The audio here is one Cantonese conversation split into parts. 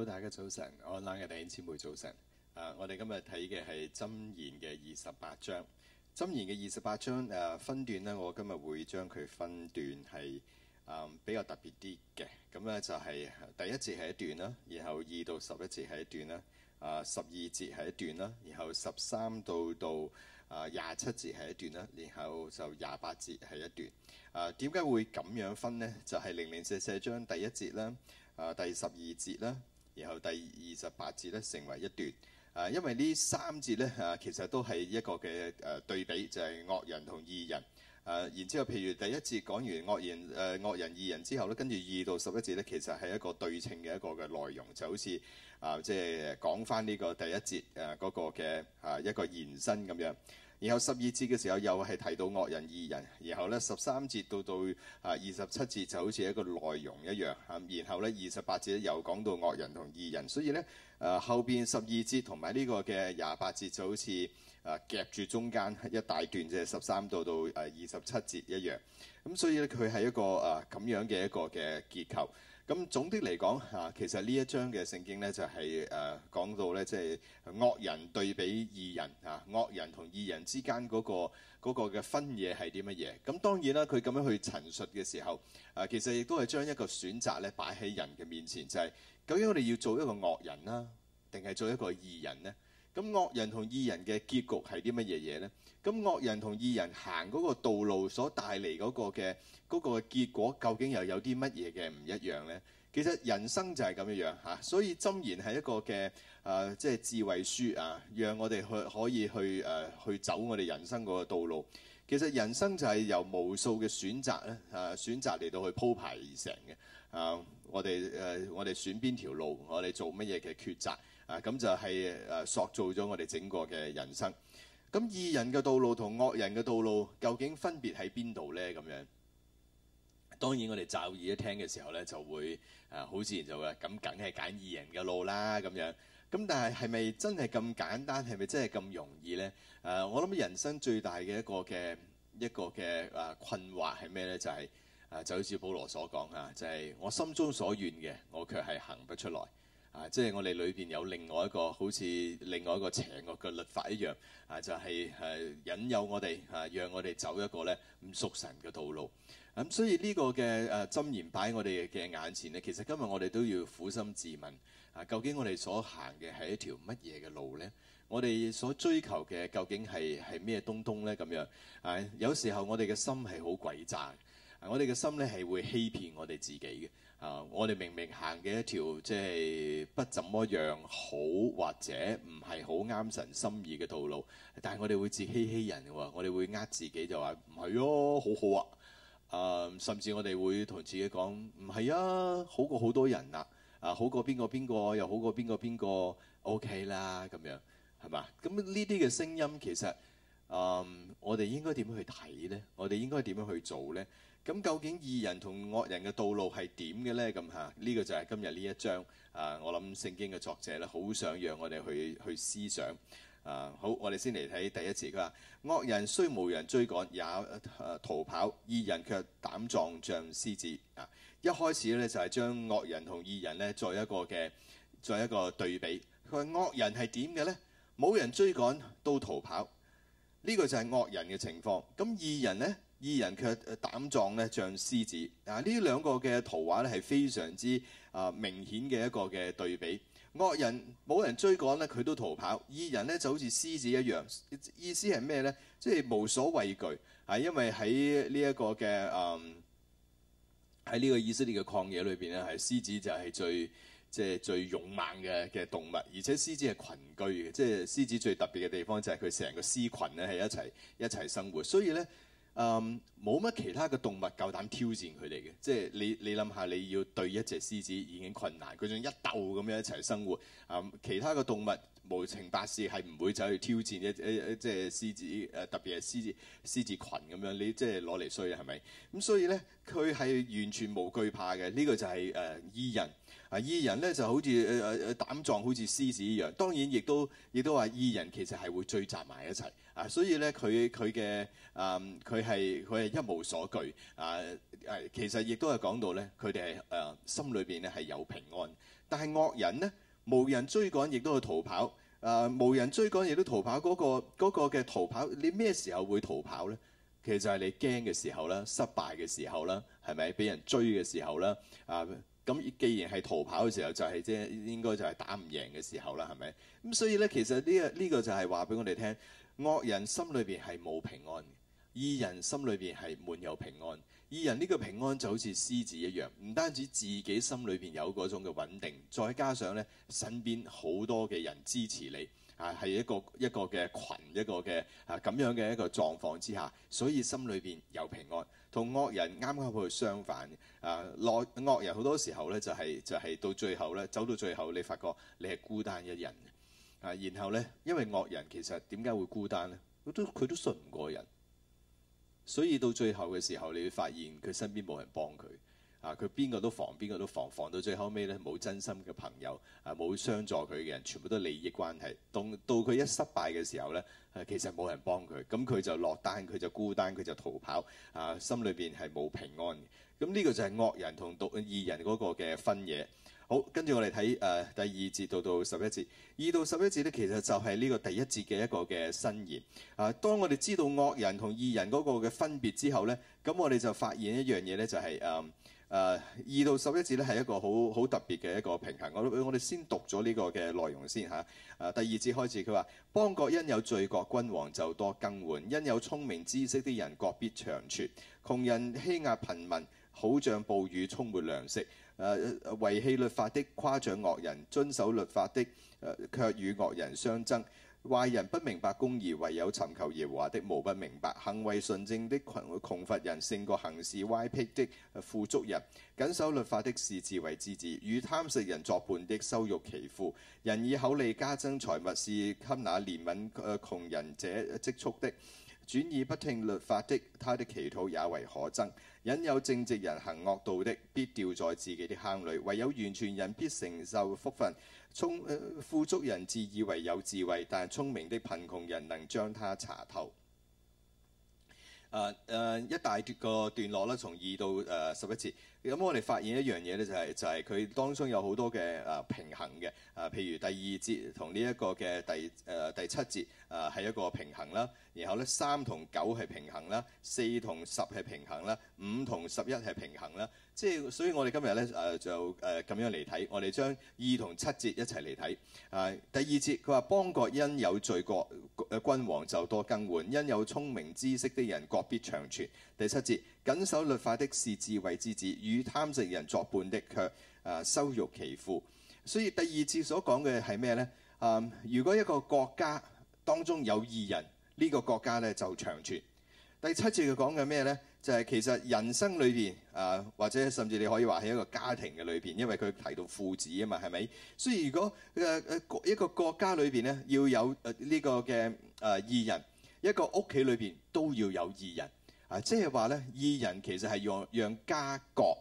好，大家早晨，我拉嘅弟兄姊妹早晨。啊，我哋今日睇嘅係《箴言》嘅二十八章，《箴言》嘅二十八章。誒、啊，分段咧，我今日會將佢分段係誒、嗯、比較特別啲嘅。咁咧就係第一節係一段啦，然後二到十一節係一段啦，啊，十二節係一段啦，然後十三到到啊廿七節係一段啦，然後就廿八節係一段。啊，點解、啊啊、會咁樣分咧？就係、是、零零四四章第一節啦，啊，第十二節啦。然後第二十八節咧成為一段，啊，因為三節呢三節咧啊，其實都係一個嘅誒、呃、對比，就係、是、惡人同義人。誒、啊，然之後譬如第一節講完惡人誒惡、呃、人義人之後咧，跟住二到十一節咧，其實係一個對稱嘅一個嘅內容，就好似啊，即係講返呢個第一節誒嗰個嘅啊一個延伸咁樣。然後十二節嘅時候又係提到惡人義人，然後咧十三節到到啊二十七節就好似一個內容一樣，咁然後咧二十八節又講到惡人同義人，所以咧誒、啊、後邊十二節同埋呢個嘅廿八節就好似誒夾住中間一大段，即係十三到到誒二十七節一樣，咁、啊、所以咧佢係一個誒咁、啊、樣嘅一個嘅結構。咁總的嚟講，嚇其實呢一章嘅聖經呢，就係誒講到呢，即係惡人對比義人啊，惡人同義人之間嗰個嗰個嘅分野係啲乜嘢？咁當然啦，佢咁樣去陳述嘅時候，誒其實亦都係將一個選擇呢擺喺人嘅面前，就係究竟我哋要做一個惡人啦，定係做一個義人呢？咁惡人同義人嘅結局係啲乜嘢嘢呢？咁惡人同異人行嗰個道路所帶嚟嗰個嘅嗰個結果，究竟又有啲乜嘢嘅唔一樣呢？其實人生就係咁樣樣嚇、啊，所以《箴言》係一個嘅誒、啊，即係智慧書啊，讓我哋去可以去誒、啊、去走我哋人生嗰個道路。其實人生就係由無數嘅選擇咧，誒、啊、選擇嚟到去鋪排而成嘅。誒、啊，我哋誒、啊、我哋選邊條路，我哋做乜嘢嘅抉擇啊？咁就係誒塑造咗我哋整個嘅人生。咁義人嘅道路同惡人嘅道路究竟分別喺邊度呢？咁樣當然我哋驟耳一聽嘅時候呢，就會啊好、呃、自然就會：咁梗係揀義人嘅路啦。咁樣咁但係係咪真係咁簡單？係咪真係咁容易呢？誒、呃，我諗人生最大嘅一個嘅一個嘅誒困惑係咩呢？就係、是、誒、呃，就好似保羅所講嚇，就係、是、我心中所願嘅，我卻係行不出來。啊，即係我哋裏邊有另外一個好似另外一個邪惡嘅律法一樣，啊就係、是、係、啊、引誘我哋啊，讓我哋走一個咧唔熟神嘅道路。咁、啊、所以呢個嘅誒箴言擺喺我哋嘅眼前咧，其實今日我哋都要苦心自問啊，究竟我哋所行嘅係一條乜嘢嘅路呢？我哋所追求嘅究竟係係咩東東呢？咁樣啊，有時候我哋嘅心係好詭詐，啊、我哋嘅心咧係會欺騙我哋自己嘅。啊！Uh, 我哋明明行嘅一條即係不怎麼樣好，或者唔係好啱神心意嘅道路，但係我哋會自欺欺人喎。我哋會呃自己就話唔係咯，好好啊！Uh, 甚至我哋會同自己講唔係啊，好過好多人啦，啊，啊，好過邊個邊個，又好過邊個邊個，OK 啦咁樣，係嘛？咁呢啲嘅聲音其實，um, 我哋應該點樣去睇呢？我哋應該點樣去做呢？咁究竟義人同惡人嘅道路係點嘅呢？咁嚇呢個就係今日呢一章啊！我諗聖經嘅作者咧，好想讓我哋去去思想啊！好，我哋先嚟睇第一節。佢話：惡人雖無人追趕，也、啊、逃跑；義人卻膽壯像獅子。啊！一開始咧就係將惡人同義人呢作為一個嘅作為一個對比。佢話惡人係點嘅呢？冇人追趕都逃跑。呢、這個就係惡人嘅情況。咁義人呢？義人卻膽壯咧，像獅子。啊，呢兩個嘅圖畫咧係非常之啊明顯嘅一個嘅對比。惡人冇人追趕呢，佢都逃跑；義人呢，就好似獅子一樣。意思係咩呢？即係無所畏懼。係因為喺呢一個嘅嗯喺呢個以色列嘅曠野裏邊呢係獅子就係最即係、就係、最勇猛嘅嘅動物。而且獅子係群居嘅，即係獅子最特別嘅地方就係佢成個獅群咧係一齊一齊生活。所以呢。嗯，冇乜其他嘅動物夠膽挑戰佢哋嘅，即係你你諗下，你要對一隻獅子已經困難，佢仲一鬥咁樣一齊生活，啊、嗯，其他嘅動物無情百事，係唔會走去挑戰嘅，誒即係獅子誒、呃，特別係獅子獅子羣咁樣，你即係攞嚟衰係咪？咁所以咧，佢係完全無懼怕嘅，呢、這個就係、是、誒、呃、義人。啊，義人咧就好似誒誒誒膽壯，呃、好似獅子一樣。當然亦都亦都話，義人其實係會聚集埋一齊啊。所以咧，佢佢嘅誒佢係佢係一無所懼啊誒。其實亦都係講到咧，佢哋係誒心裏邊咧係有平安。但係惡人呢，無人追趕亦都去逃跑。誒、呃、無人追趕亦都逃跑嗰、嗰個嘅、嗰個、逃跑，你咩時候會逃跑咧？其實就係你驚嘅時候啦，失敗嘅時候啦，係咪俾人追嘅時候啦？啊！咁既然係逃跑嘅時候，就係即係應該就係打唔贏嘅時候啦，係咪？咁所以咧，其實呢個呢個就係話俾我哋聽，惡人心裏邊係冇平安嘅，義人心裏邊係滿有平安。義人呢個平安就好似獅子一樣，唔單止自己心裏邊有嗰種嘅穩定，再加上咧身邊好多嘅人支持你，啊係一個一個嘅群，一個嘅啊咁樣嘅一個狀況之下，所以心裏邊有平安。同惡人啱啱去相反啊，內惡人好多時候咧，就係就係到最後咧，走到最後，你發覺你係孤單一人，啊，然後咧，因為惡人其實點解會孤單咧？佢都佢都信唔過人，所以到最後嘅時候，你會發現佢身邊冇人幫佢。啊！佢邊個都防，邊個都防，防到最後尾呢，冇真心嘅朋友，啊冇相助佢嘅人，全部都利益關係。到到佢一失敗嘅時候呢、啊，其實冇人幫佢，咁、啊、佢就落單，佢就孤單，佢就逃跑。啊，心裏邊係冇平安嘅。咁、啊、呢、這個就係惡人同惡義人嗰個嘅分野。好，跟住我哋睇誒第二節到到十一節。二到十一節呢，其實就係呢個第一節嘅一個嘅申言。啊，當我哋知道惡人同義人嗰個嘅分別之後呢，咁我哋就發現一樣嘢呢，就係誒。誒二到十一節咧係一個好好特別嘅一個平衡，我我哋先讀咗呢個嘅內容先嚇。誒、啊、第二節開始，佢話，邦國因有罪，國君王就多更換，因有聰明知識的人國必長存。窮人欺壓貧民，好像暴雨沖沒糧食。誒違棄律法的誇獎惡人，遵守律法的誒卻與惡人相爭。壞人不明白公義，唯有尋求耶和華的，無不明白；行為純正的窮窮乏人勝過行事歪僻的富足人。謹守律法的是智慧之子，與貪食人作伴的羞辱其父。人以厚利加增財物是，是給那憐憫窮人者積蓄的。轉耳不聽律法的，他的祈禱也為可憎。引有正直人行惡道的，必掉在自己的坑裏。唯有完全人必承受福分。充富足人自以為有智慧，但係聰明的貧窮人能將他查透。誒誒，一大個段落咧，從二到誒十一節。Uh, 咁、嗯、我哋發現一樣嘢咧，就係就係佢當中有好多嘅誒、啊、平衡嘅，誒、啊、譬如第二節同呢一個嘅第誒、啊、第七節誒係、啊、一個平衡啦。然後咧三同九係平衡啦，四同十係平衡啦，五同十一係平衡啦。即係所以我哋今日咧誒就誒咁樣嚟睇，我哋將二同七節一齊嚟睇。誒、啊、第二節佢話：邦國因有罪國，君王就多更換，因有聰明知識的人國必長存。第七節，謹守律法的是智慧之子，與貪食人作伴的卻啊，羞辱其父。所以第二節所講嘅係咩呢？啊，如果一個國家當中有義人，呢個國家呢就長存。第七節佢講嘅咩呢？就係其實人生裏邊啊，或者甚至你可以話喺一個家庭嘅裏邊，因為佢提到父子啊嘛，係咪？所以如果誒一個國家裏邊呢，要有呢個嘅誒義人，一個屋企裏邊都要有義人。啊，即係話咧，義人其實係讓讓家國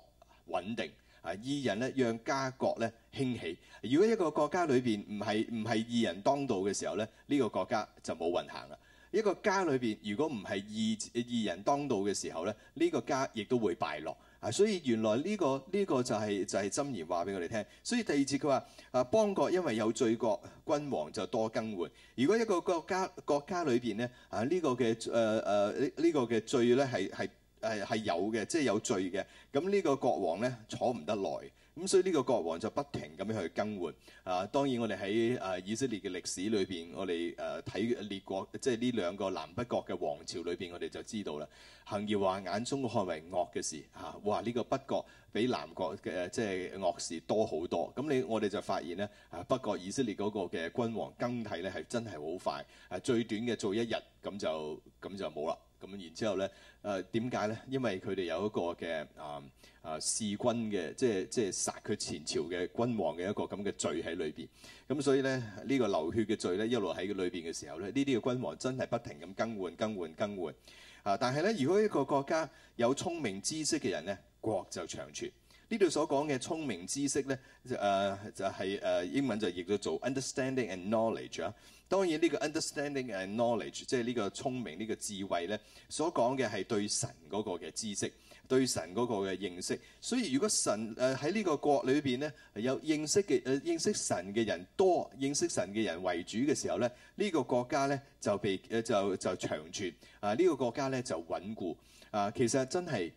穩定啊，義人咧讓家國咧興起。如果一個國家裏邊唔係唔係義人當道嘅時候咧，呢個國家就冇運行啦。一個家裏邊如果唔係義義人當道嘅時候咧，呢個家亦都會敗落。啊！所以原來呢、這個呢、這個就係、是、就係箴言話俾我哋聽。所以第二節，佢話：啊邦國因為有罪國君王就多更換。如果一個國家國家裏邊咧啊呢、啊這個嘅誒誒呢呢個嘅罪咧係係誒係有嘅，即、就、係、是、有罪嘅。咁呢個國王咧坐唔得耐。咁、嗯、所以呢個國王就不停咁樣去更換。啊！當然我哋喺誒以色列嘅歷史裏邊，我哋誒睇列國，即係呢兩個南北國嘅王朝裏邊，我哋就知道啦。行耶和華眼中看為惡嘅事，嚇、啊！哇！呢、呢個北國比南國嘅即係惡事多好多。咁你我哋就發現咧，啊北國以色列嗰個嘅君王更替咧，係真係好快，係、啊、最短嘅做一日，咁就咁就冇啦。咁然之後咧，誒點解咧？因為佢哋有一個嘅啊啊，弑、呃呃、君嘅，即係即係殺佢前朝嘅君王嘅一個咁嘅罪喺裏邊。咁所以咧，呢、這個流血嘅罪咧，一路喺佢裏邊嘅時候咧，呢啲嘅君王真係不停咁更換、更換、更換。啊！但係咧，如果一個國家有聰明知識嘅人咧，國就長存。呢度所講嘅聰明知識咧，誒、呃、就係、是、誒、呃、英文就譯咗做 understanding and knowledge 啊。當然呢個 understanding and knowledge，即係呢個聰明、呢個智慧呢，所講嘅係對神嗰個嘅知識、對神嗰個嘅認識。所以如果神誒喺呢個國裏邊呢，有認識嘅誒認識神嘅人多、認識神嘅人為主嘅時候呢，呢個國家呢就被誒就就，就長存啊！呢個國家呢就穩固啊！其實真係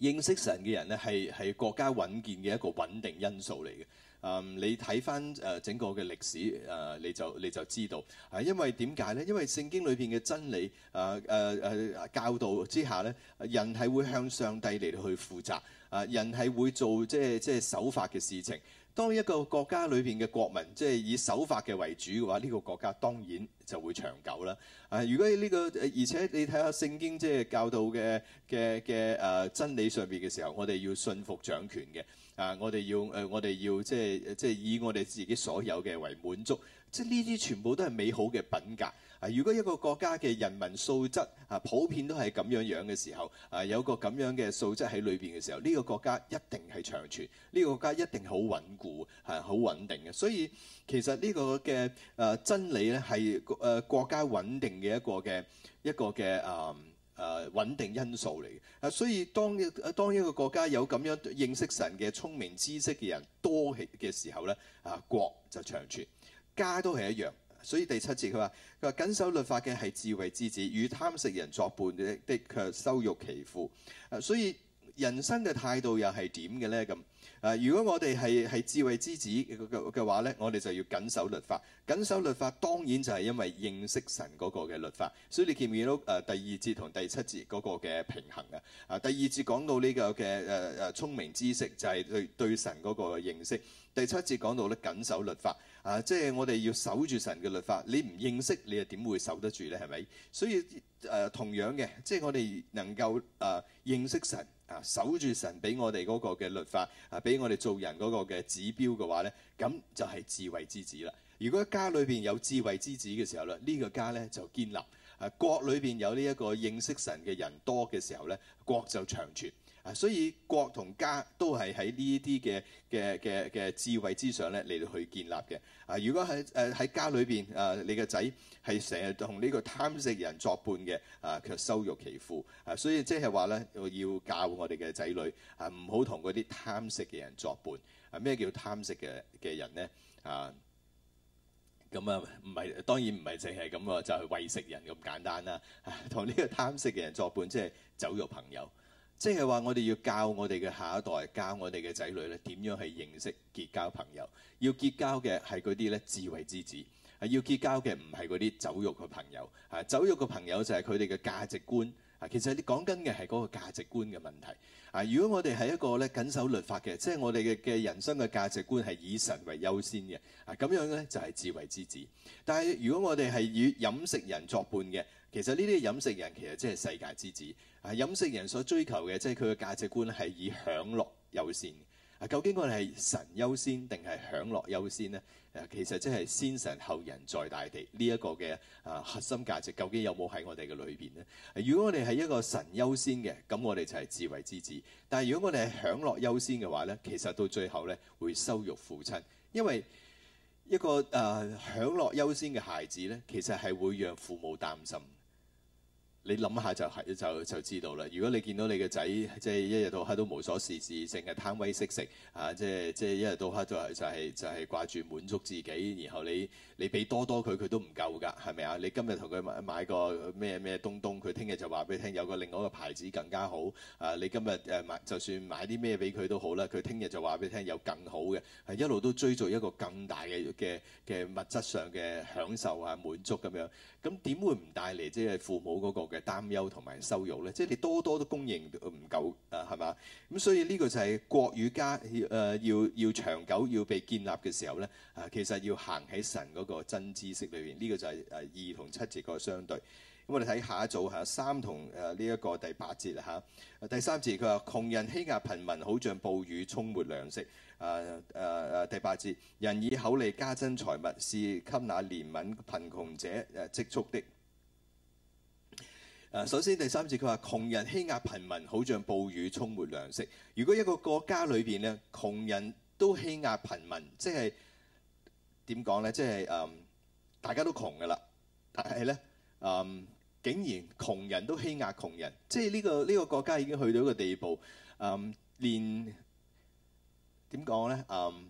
認識神嘅人呢，係係國家穩健嘅一個穩定因素嚟嘅。誒、嗯，你睇翻誒整個嘅歷史，誒、啊、你就你就知道，啊，因為點解咧？因為聖經裏邊嘅真理，誒誒誒教導之下咧，人係會向上帝嚟去負責，啊，人係會做即係即係守法嘅事情。當一個國家裏邊嘅國民即係以守法嘅為主嘅話，呢、這個國家當然就會長久啦。啊，如果呢、這個，而且你睇下聖經即係教導嘅嘅嘅誒真理上邊嘅時候，我哋要信服掌權嘅。啊，我哋要誒、呃，我哋要即係即係以我哋自己所有嘅為滿足。即係呢啲全部都係美好嘅品格。啊！如果一個國家嘅人民素質啊普遍都係咁樣樣嘅時候，啊有個咁樣嘅素質喺裏邊嘅時候，呢個國家一定係長存，呢個國家一定好穩固，係好穩定嘅。所以其實呢個嘅誒真理咧，係誒國家穩定嘅一個嘅一個嘅誒誒穩定因素嚟嘅。啊，所以當一當一個國家有咁樣認識神嘅聰明知識嘅人多嘅時候咧，啊國就長存，家都係一樣。所以第七節佢話：佢話謹守律法嘅係智慧之子，與貪食人作伴的的卻羞辱其父。啊，所以人生嘅態度又係點嘅咧？咁啊，如果我哋係係智慧之子嘅嘅嘅話咧，我哋就要謹守律法。謹守律法當然就係因為認識神嗰個嘅律法。所以你見唔見到啊？第二節同第七節嗰個嘅平衡啊？啊，第二節講到呢個嘅誒誒聰明知識，就係、是、對對神嗰個認識。第七節講到咧謹守律法。啊！即係我哋要守住神嘅律法，你唔認識，你又點會守得住呢？係咪？所以誒、呃，同樣嘅，即係我哋能夠誒、呃、認識神啊，守住神俾我哋嗰個嘅律法啊，俾我哋做人嗰個嘅指標嘅話呢，咁就係智慧之子啦。如果家裏邊有智慧之子嘅時候咧，呢、這個家呢就建立；誒、啊、國裏邊有呢一個認識神嘅人多嘅時候呢，國就長存。啊，所以國同家都係喺呢啲嘅嘅嘅嘅智慧之上咧嚟去建立嘅。啊，如果喺誒喺家裏邊啊，你嘅仔係成日同呢個貪食人作伴嘅啊，卻羞辱其父啊。所以即係話咧，要教我哋嘅仔女啊，唔好同嗰啲貪食嘅人作伴。啊，咩叫貪食嘅嘅人咧？啊，咁啊，唔係當然唔係淨係咁啊，就係餵食人咁簡單啦。同、啊、呢個貪食嘅人作伴，即係酒肉朋友。即係話，我哋要教我哋嘅下一代，教我哋嘅仔女咧，點樣去認識結交朋友？要結交嘅係嗰啲咧智慧之子，係要結交嘅唔係嗰啲酒肉嘅朋友。嚇，酒肉嘅朋友就係佢哋嘅價值觀。其實你講緊嘅係嗰個價值觀嘅問題。啊，如果我哋係一個咧緊守律法嘅，即係我哋嘅嘅人生嘅價值觀係以神為優先嘅。啊，咁樣咧就係智慧之子。但係如果我哋係以飲食人作伴嘅，其實呢啲飲食人其實即係世界之子。啊，飲食人所追求嘅即係佢嘅價值觀係以享樂優先。啊，究竟我哋係神優先定係享樂優先呢？誒，其實即係先神後人在大地呢一、這個嘅啊核心價值，究竟有冇喺我哋嘅裏邊呢？如果我哋係一個神優先嘅，咁我哋就係智慧之子；但係如果我哋係享樂優先嘅話呢，其實到最後咧會羞辱父親，因為一個誒、呃、享樂優先嘅孩子呢，其實係會讓父母擔心。你諗下就係就就，就知道啦。如果你見到你個仔即係一日到黑都無所事事，淨係貪威識食啊！即係即係一日到黑就係、係、就係就掛住滿足自己。然後你你俾多多佢，佢都唔夠㗎，係咪啊？你今日同佢買買個咩咩東東，佢聽日就話俾你聽有個另外一個牌子更加好啊！你今日誒買就算買啲咩俾佢都好啦，佢聽日就話俾你聽有更好嘅，係一路都追逐一個更大嘅嘅嘅物質上嘅享受啊滿足咁樣。咁點會唔帶嚟即係父母嗰個嘅擔憂同埋羞辱呢？即係你多多都供應唔夠啊，係嘛？咁所以呢個就係國與家誒、呃、要要長久要被建立嘅時候呢，啊其實要行喺神嗰個真知識裏邊，呢、這個就係誒二同七節個相對。咁、嗯、我哋睇下一組嚇三同誒呢一個第八節啦嚇、啊。第三節佢話：窮人欺壓貧民，好像暴雨沖沒糧食。啊啊啊！第八節，人以厚利加增財物，是給那憐憫貧窮者誒積蓄的。啊，首先第三節，佢話窮人欺壓貧民，好像暴雨沖沒糧食。如果一個國家裏邊呢，窮人都欺壓貧民，即係點講呢？即係誒、嗯，大家都窮嘅啦，但係呢，誒、嗯，竟然窮人都欺壓窮人，即係呢、這個呢、這個國家已經去到一個地步誒、嗯，連。點講咧？嗯，um,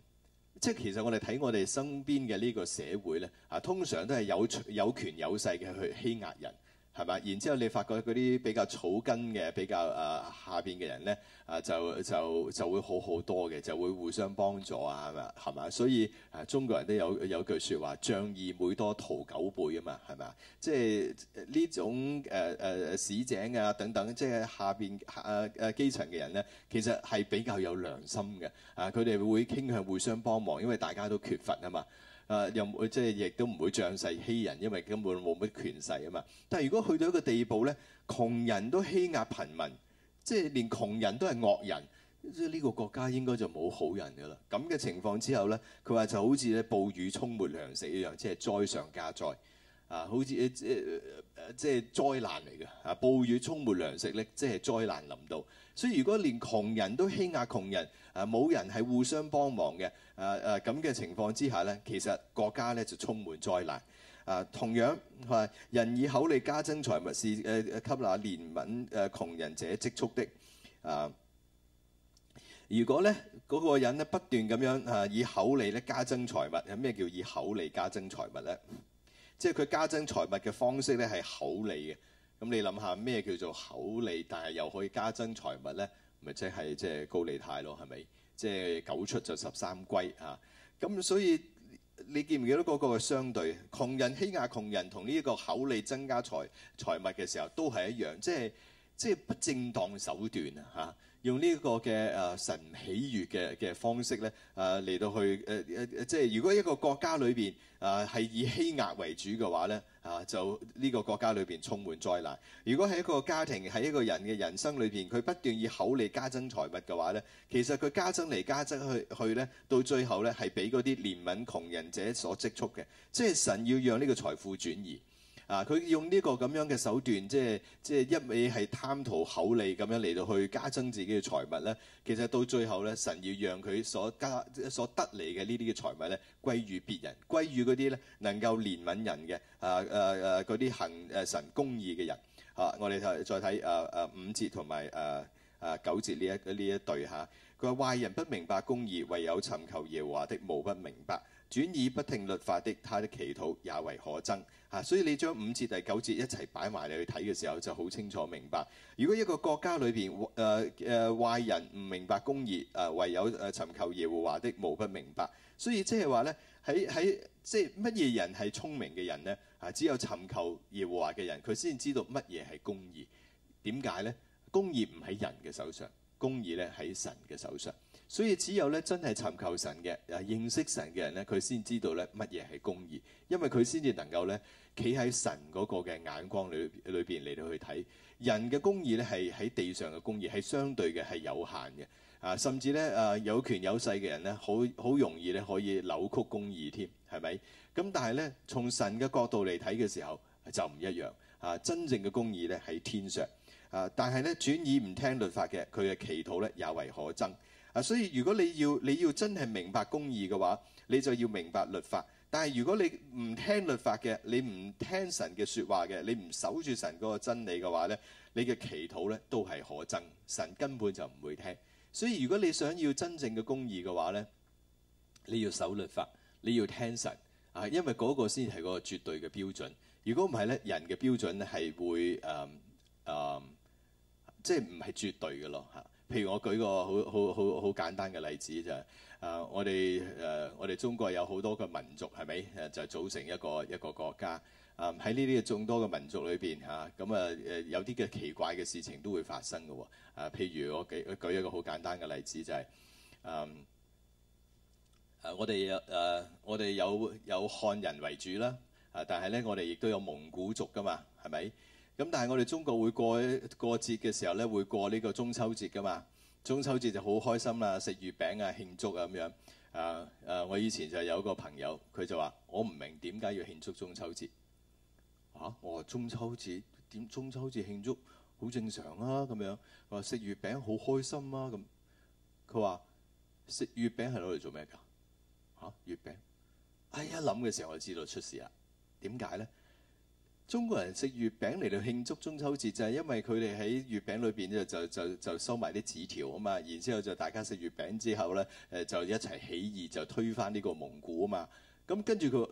即係其實我哋睇我哋身邊嘅呢個社會咧，啊，通常都係有有權有勢嘅去欺壓人。係嘛？然之後你發覺嗰啲比較草根嘅、比較誒、啊、下邊嘅人咧，誒、啊、就就就會好好多嘅，就會互相幫助啊，係嘛？所以誒、啊、中國人都有有句説話：仗義每多屠狗輩啊嘛，係嘛？即係呢種誒誒、啊啊、市井啊等等，即係下邊誒誒基層嘅人咧，其實係比較有良心嘅啊！佢哋會傾向互相幫忙，因為大家都缺乏啊嘛。誒又會即係亦都唔會仗勢欺人，因為根本冇乜權勢啊嘛。但係如果去到一個地步咧，窮人都欺壓貧民，即係連窮人都係惡人，即係呢個國家應該就冇好人噶啦。咁嘅情況之後咧，佢話就好似咧暴雨沖沒糧食一樣，即係災上加災啊！好似即係即係災難嚟嘅啊！暴雨沖沒糧食咧，即係災難臨到。所以如果連窮人都欺壓窮人，誒冇人係互相幫忙嘅。誒誒咁嘅情況之下咧，其實國家咧就充滿災難。誒、啊、同樣係、啊、人以口利加增財物是誒、呃、吸納憐憫誒、呃、窮人者積蓄的。誒、啊、如果咧嗰、那個人咧不斷咁樣誒、啊、以口利咧加增財物，有咩叫以口利加增財物咧？即係佢加增財物嘅方式咧係口利嘅。咁你諗下咩叫做口利？但係又可以加增財物咧？咪即係即係高利貸咯？係咪？即係九出就十三歸啊！咁所以你記唔記得嗰個嘅相對窮人欺壓窮人，同呢一個口利增加財財物嘅時候，都係一樣，即係即係不正當手段啊！嚇。用呢個嘅誒、呃、神喜悅嘅嘅方式咧，誒、呃、嚟到去誒誒、呃、即係如果一個國家裏邊誒係以欺壓為主嘅話咧，啊、呃、就呢個國家裏邊充滿災難。如果喺一個家庭喺一個人嘅人生裏邊，佢不斷以厚利加增財物嘅話咧，其實佢加增嚟加增去去咧，到最後咧係俾嗰啲憐憫窮人者所積蓄嘅。即係神要讓呢個財富轉移。啊！佢用呢個咁樣嘅手段，即係即係一味係貪圖厚利咁樣嚟到去加增自己嘅財物咧。其實到最後咧，神要讓佢所加所得嚟嘅呢啲嘅財物咧，歸於別人，歸於嗰啲咧能夠憐憫人嘅啊啊啊嗰啲行誒神公義嘅人。啊！我哋睇再睇啊啊五節同埋誒誒九節呢一呢一對嚇。佢、啊、話：壞人不明白公義，唯有尋求耶和華的，無不明白。轉耳不聽律法的，他的祈禱也為可憎。嚇、啊，所以你將五節第九節一齊擺埋你去睇嘅時候，就好清楚明白。如果一個國家裏邊，誒、呃、誒、呃、壞人唔明白公義，誒、呃、唯有誒尋求耶和華的無不明白。所以即係話咧，喺喺即係乜嘢人係聰明嘅人咧？嚇、啊，只有尋求耶和華嘅人，佢先知道乜嘢係公義。點解咧？公義唔喺人嘅手上，公義咧喺神嘅手上。所以只有咧真係尋求神嘅啊，認識神嘅人咧，佢先知道咧乜嘢係公義，因為佢先至能夠咧企喺神嗰個嘅眼光裏裏邊嚟到去睇人嘅公義咧係喺地上嘅公義係相對嘅係有限嘅啊，甚至咧啊有權有勢嘅人咧好好容易咧可以扭曲公義添，係咪？咁但係咧從神嘅角度嚟睇嘅時候就唔一樣啊。真正嘅公義咧喺天上啊，但係咧轉耳唔聽律法嘅，佢嘅祈禱咧也為可憎。啊，所以如果你要你要真係明白公義嘅話，你就要明白律法。但係如果你唔聽律法嘅，你唔聽神嘅説話嘅，你唔守住神嗰個真理嘅話呢，你嘅祈禱呢都係可憎，神根本就唔會聽。所以如果你想要真正嘅公義嘅話呢，你要守律法，你要聽神啊，因為嗰個先係個絕對嘅標準。如果唔係呢，人嘅標準咧係會誒、啊啊、即係唔係絕對嘅咯嚇。譬如我舉個好好好好簡單嘅例子就係、是，啊我哋誒、啊、我哋中國有好多個民族係咪？誒就組成一個一個國家。啊喺呢啲眾多嘅民族裏邊嚇，咁啊誒、啊、有啲嘅奇怪嘅事情都會發生嘅喎、啊。譬如我舉我舉一個好簡單嘅例子就係、是，誒、啊、我哋、啊、有誒我哋有有漢人為主啦。誒、啊、但係咧我哋亦都有蒙古族噶嘛，係咪？咁、嗯、但係我哋中國會過過節嘅時候咧，會過呢個中秋節㗎嘛？中秋節就好開心啦、啊，食月餅啊，慶祝啊咁樣。啊、呃、誒、呃，我以前就有一個朋友，佢就話：我唔明點解要慶祝中秋節。嚇、啊？我話中秋節點中秋節慶祝好正常啊，咁樣。我話食月餅好開心啊，咁。佢話食月餅係攞嚟做咩㗎？嚇、啊？月餅？哎、啊、一諗嘅時候我就知道出事啦。點解咧？中國人食月餅嚟到慶祝中秋節，就係因為佢哋喺月餅裏邊就就就，就收埋啲紙條啊嘛，然之後就大家食月餅之後咧，誒就一齊起義就推翻呢個蒙古啊嘛。咁跟住佢，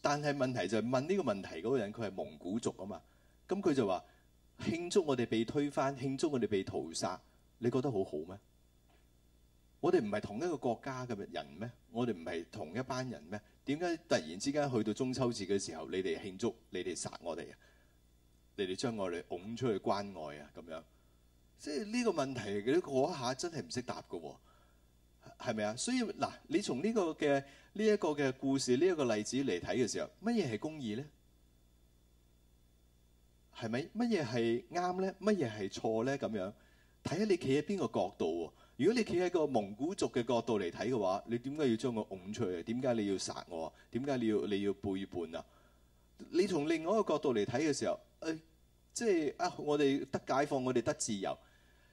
但係問題就係問呢個問題嗰個人，佢係蒙古族啊嘛。咁佢就話：慶祝我哋被推翻，慶祝我哋被屠殺，你覺得好好咩？我哋唔係同一個國家嘅人咩？我哋唔係同一班人咩？點解突然之間去到中秋節嘅時候，你哋慶祝，你哋殺我哋啊？你哋將我哋拱出去關外啊？咁樣，即係呢個問題嘅嗰一下真係唔識答㗎喎，係咪啊？所以嗱，你從呢個嘅呢一個嘅故事，呢一個例子嚟睇嘅時候，乜嘢係公義咧？係咪乜嘢係啱咧？乜嘢係錯咧？咁樣睇下你企喺邊個角度喎？如果你企喺個蒙古族嘅角度嚟睇嘅話，你點解要將我拱出去？點解你要殺我？點解你要你要背叛啊？你從另外一個角度嚟睇嘅時候，誒，即係啊，我哋得解放，我哋得自由。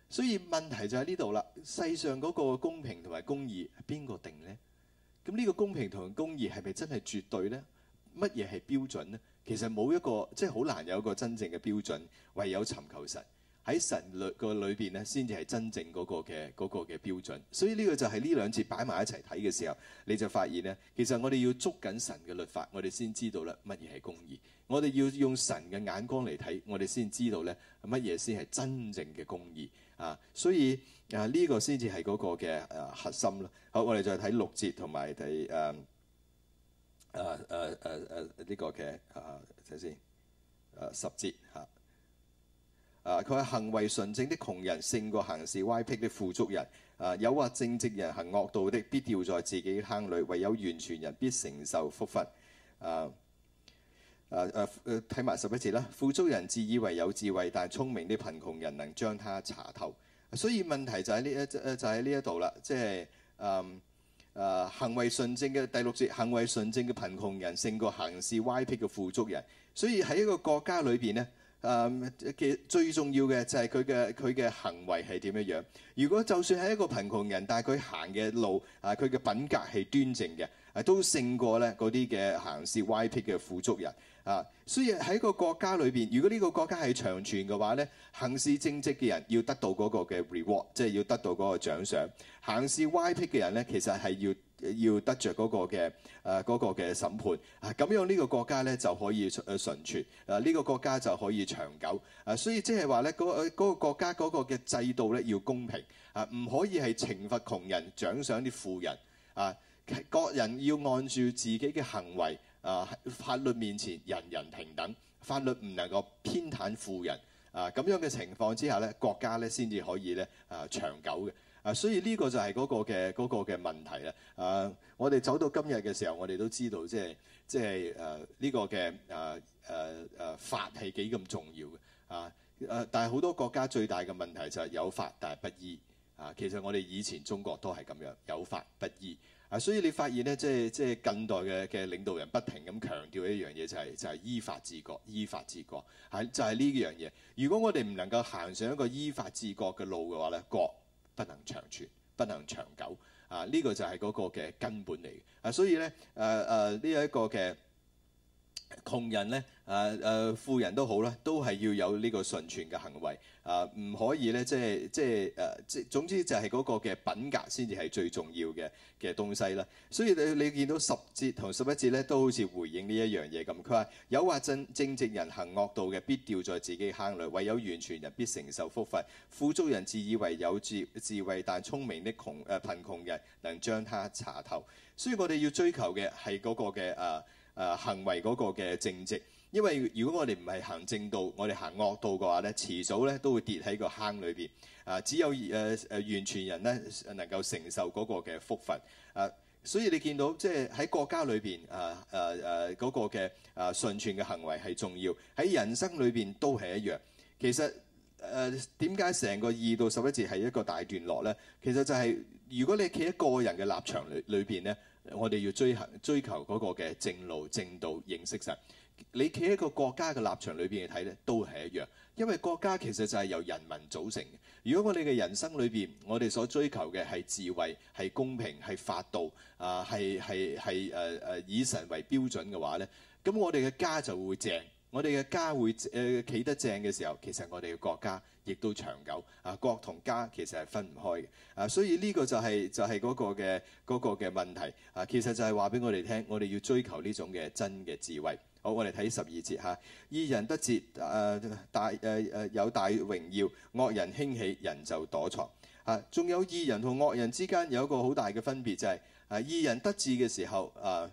所以問題就喺呢度啦。世上嗰個公平同埋公義係邊個定呢？咁呢個公平同公義係咪真係絕對呢？乜嘢係標準呢？其實冇一個即係好難有一個真正嘅標準，唯有尋求神。喺神律嘅裏邊咧，先至係真正嗰個嘅嗰個嘅標準。所以呢個就係呢兩節擺埋一齊睇嘅時候，你就發現咧，其實我哋要捉緊神嘅律法，我哋先知道咧乜嘢係公義。我哋要用神嘅眼光嚟睇，我哋先知道咧乜嘢先係真正嘅公義啊。所以啊，呢個先至係嗰個嘅啊核心啦。好，我哋再睇六節同埋睇誒誒誒誒誒呢個嘅啊，睇先啊，啊，啊，、呢個、啊，等等啊十節嚇。啊啊！佢係行為純正的窮人，勝過行事歪僻的富足人。啊！誘惑正直人行惡道的，必掉在自己坑裏；唯有完全人必承受福分。啊！啊啊啊！睇、啊、埋十一節啦。富足人自以為有智慧，但係聰明的貧窮人能將他查透。所以問題就喺呢一、就喺呢一度啦。即係啊啊！行為純正嘅第六節，行為純正嘅貧窮人勝過行事歪僻嘅富足人。所以喺一個國家裏邊呢。誒嘅、嗯、最重要嘅就係佢嘅佢嘅行為係點樣樣？如果就算係一個貧窮人，但係佢行嘅路啊，佢嘅品格係端正嘅，誒、啊、都勝過咧嗰啲嘅行事歪僻嘅富足人啊。所以喺個國家裏邊，如果呢個國家係長存嘅話咧，行事正直嘅人要得到嗰個嘅 reward，即係要得到嗰個獎賞；行事歪僻嘅人咧，其實係要。要得着嗰個嘅誒嗰個嘅審判，咁、啊、樣呢個國家呢就可以誒存存，誒、啊、呢、這個國家就可以長久。誒、啊，所以即係話呢嗰個國家嗰個嘅制度呢要公平，啊唔可以係懲罰窮人，獎賞啲富人，啊各人要按住自己嘅行為，啊法律面前人人平等，法律唔能夠偏袒富人，啊咁樣嘅情況之下呢國家呢先至可以呢誒、啊、長久嘅。啊，所以呢個就係嗰個嘅嗰個嘅問題咧。啊，我哋走到今日嘅時候，我哋都知道即係即係誒呢個嘅誒誒誒法係幾咁重要嘅啊。誒，但係好多國家最大嘅問題就係有法但係不依啊。其實我哋以前中國都係咁樣有法不依啊。所以你發現咧，即係即係近代嘅嘅領導人不停咁強調一樣嘢，就係，就係就係依法治國，依法治國係、啊、就係呢樣嘢。如果我哋唔能夠行上一個依法治國嘅路嘅話咧，國，不能長存，不能長久啊！呢個就係嗰個嘅根本嚟嘅啊，所以咧，誒誒呢一個嘅。窮人咧，啊誒、啊，富人都好啦，都係要有呢個純全嘅行為，啊，唔可以咧，即係即係誒，即係、啊、總之就係嗰個嘅品格先至係最重要嘅嘅東西啦。所以你你見到十節同十一節咧，都好似回應呢一樣嘢咁。佢話誘惑正正直人行惡道嘅，必掉在自己坑裏；唯有完全人必承受福分。富足人自以為有智智慧，但聰明的窮誒、啊、貧窮人能將他查透。所以我哋要追求嘅係嗰個嘅誒。啊誒、啊、行為嗰個嘅正直，因為如果我哋唔係行正道，我哋行惡道嘅話咧，遲早咧都會跌喺個坑裏邊。誒、啊、只有誒誒、啊、完全人咧能夠承受嗰個嘅福分。誒、啊，所以你見到即係喺國家裏邊誒誒誒嗰個嘅誒、啊、順傳嘅行為係重要，喺人生裏邊都係一樣。其實誒點解成個二到十一節係一個大段落咧？其實就係、是、如果你企喺個人嘅立場裏裏邊咧。我哋要追行追求嗰個嘅正路正道，認識神，你企喺個國家嘅立場裏邊去睇咧，都係一樣，因為國家其實就係由人民組成嘅。如果我哋嘅人生裏邊，我哋所追求嘅係智慧、係公平、係法度啊，係係係誒誒以神為標準嘅話咧，咁我哋嘅家就會正，我哋嘅家會誒企呃得正嘅時候，其實我哋嘅國家。亦都長久啊，國同家其實係分唔開嘅啊，所以呢個就係、是、就係、是、嗰個嘅嗰個嘅問題啊，其實就係話俾我哋聽，我哋要追求呢種嘅真嘅智慧。好，我哋睇十二節嚇，義人得志，誒、啊、大誒誒、啊、有大榮耀，惡人興起，人就躲藏啊。仲有義人同惡人之間有一個好大嘅分別，就係誒義人得志嘅時候誒誒、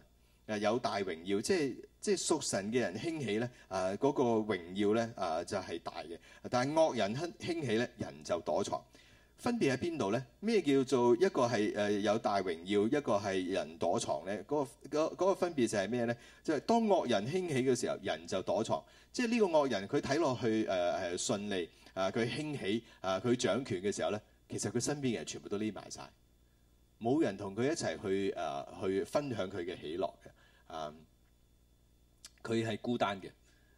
啊、有大榮耀，即、就、係、是。即係屬神嘅人興起咧，誒、啊、嗰、那個榮耀咧，誒、啊、就係、是、大嘅。但係惡人興興起咧，人就躲藏。分別喺邊度咧？咩叫做一個係誒、呃、有大榮耀，一個係人躲藏咧？嗰、那個那個分別就係咩咧？就係、是、當惡人興起嘅時候，人就躲藏。即係呢個惡人佢睇落去誒係、呃、順利，誒、啊、佢興起，誒、啊、佢掌權嘅時候咧，其實佢身邊嘅人全部都匿埋晒，冇人同佢一齊去誒、啊、去分享佢嘅喜樂嘅。嗯、啊。佢係孤單嘅，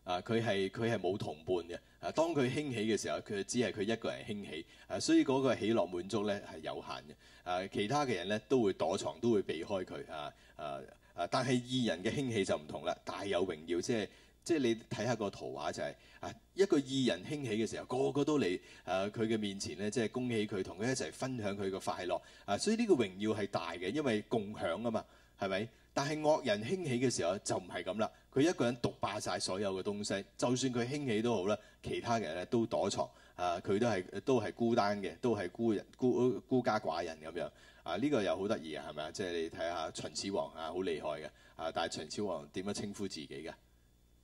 啊佢係佢係冇同伴嘅，啊當佢興起嘅時候，佢只係佢一個人興起，啊所以嗰個喜樂滿足呢係有限嘅，啊其他嘅人呢，都會躲藏，都會避開佢，啊啊啊！但係二人嘅興起就唔同啦，大有榮耀，即係即係你睇下個圖畫就係啊一個二人興起嘅時候，個個都嚟啊佢嘅面前呢，即係恭喜佢，同佢一齊分享佢嘅快樂，啊所以呢個榮耀係大嘅，因為共享啊嘛，係咪？但係惡人興起嘅時候就唔係咁啦。佢一個人獨霸晒所有嘅東西，就算佢興起都好啦，其他嘅人咧都躲藏啊，佢都係都係孤單嘅，都係孤人孤孤家寡人咁樣啊。呢個又好得意嘅，係咪啊？即係你睇下秦始皇啊，好厲害嘅啊，但係秦始皇點樣稱呼自己嘅？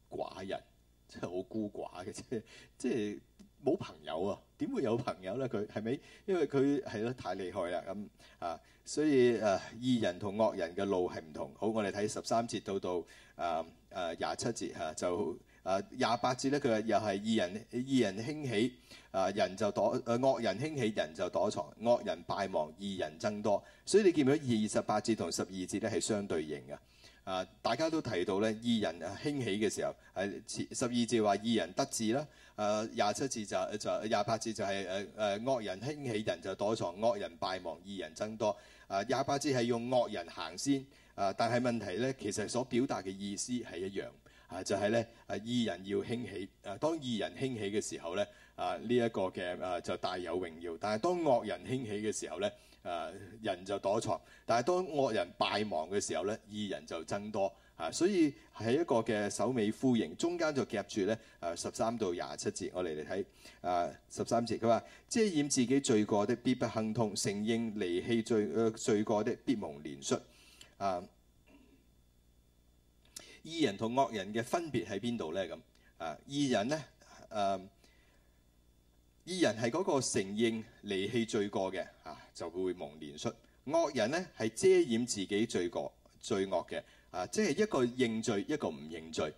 寡人，即係好孤寡嘅，即係即係冇朋友啊。點會有朋友呢？佢係咪因為佢係得太厲害啦咁啊？所以誒，義、啊、人同惡人嘅路係唔同。好，我哋睇十三節到到誒誒廿七節嚇，就誒廿八節咧，佢、啊、又係義人義人興起，誒、啊、人就躲誒惡、啊、人興起，人就躲藏，惡人敗亡，義人增多。所以你見唔見到二十八節同十二節咧係相對應嘅？啊！大家都提到咧，義人興起嘅時候，係十二字話義人得志啦。誒，廿七字就就廿八字就係誒誒惡人興起，人就躲藏；惡人敗亡，義人增多。誒，廿八字係用惡人行先。誒，但係問題咧，其實所表達嘅意思係一樣。啊，就係咧誒，義人要興起。誒，當義人興起嘅時候咧，啊呢一、這個嘅誒就大有榮耀。但係當惡人興起嘅時候咧。誒人就躲藏，但係當惡人敗亡嘅時候咧，義人就增多吓。所以喺一個嘅首尾呼應，中間就夾住咧誒十三到廿七節，我哋嚟睇誒十三節，佢話遮掩自己罪過的必不亨通，承認離棄罪誒、呃、罪過的必蒙憐率憐恤。誒、啊、義人同惡人嘅分別喺邊度咧？咁誒義人呢。誒、啊。義人係嗰個承認離棄罪過嘅，吓、啊、就會蒙憐恤；惡人呢係遮掩自己罪過、罪惡嘅，啊，即係一個認罪，一個唔認罪。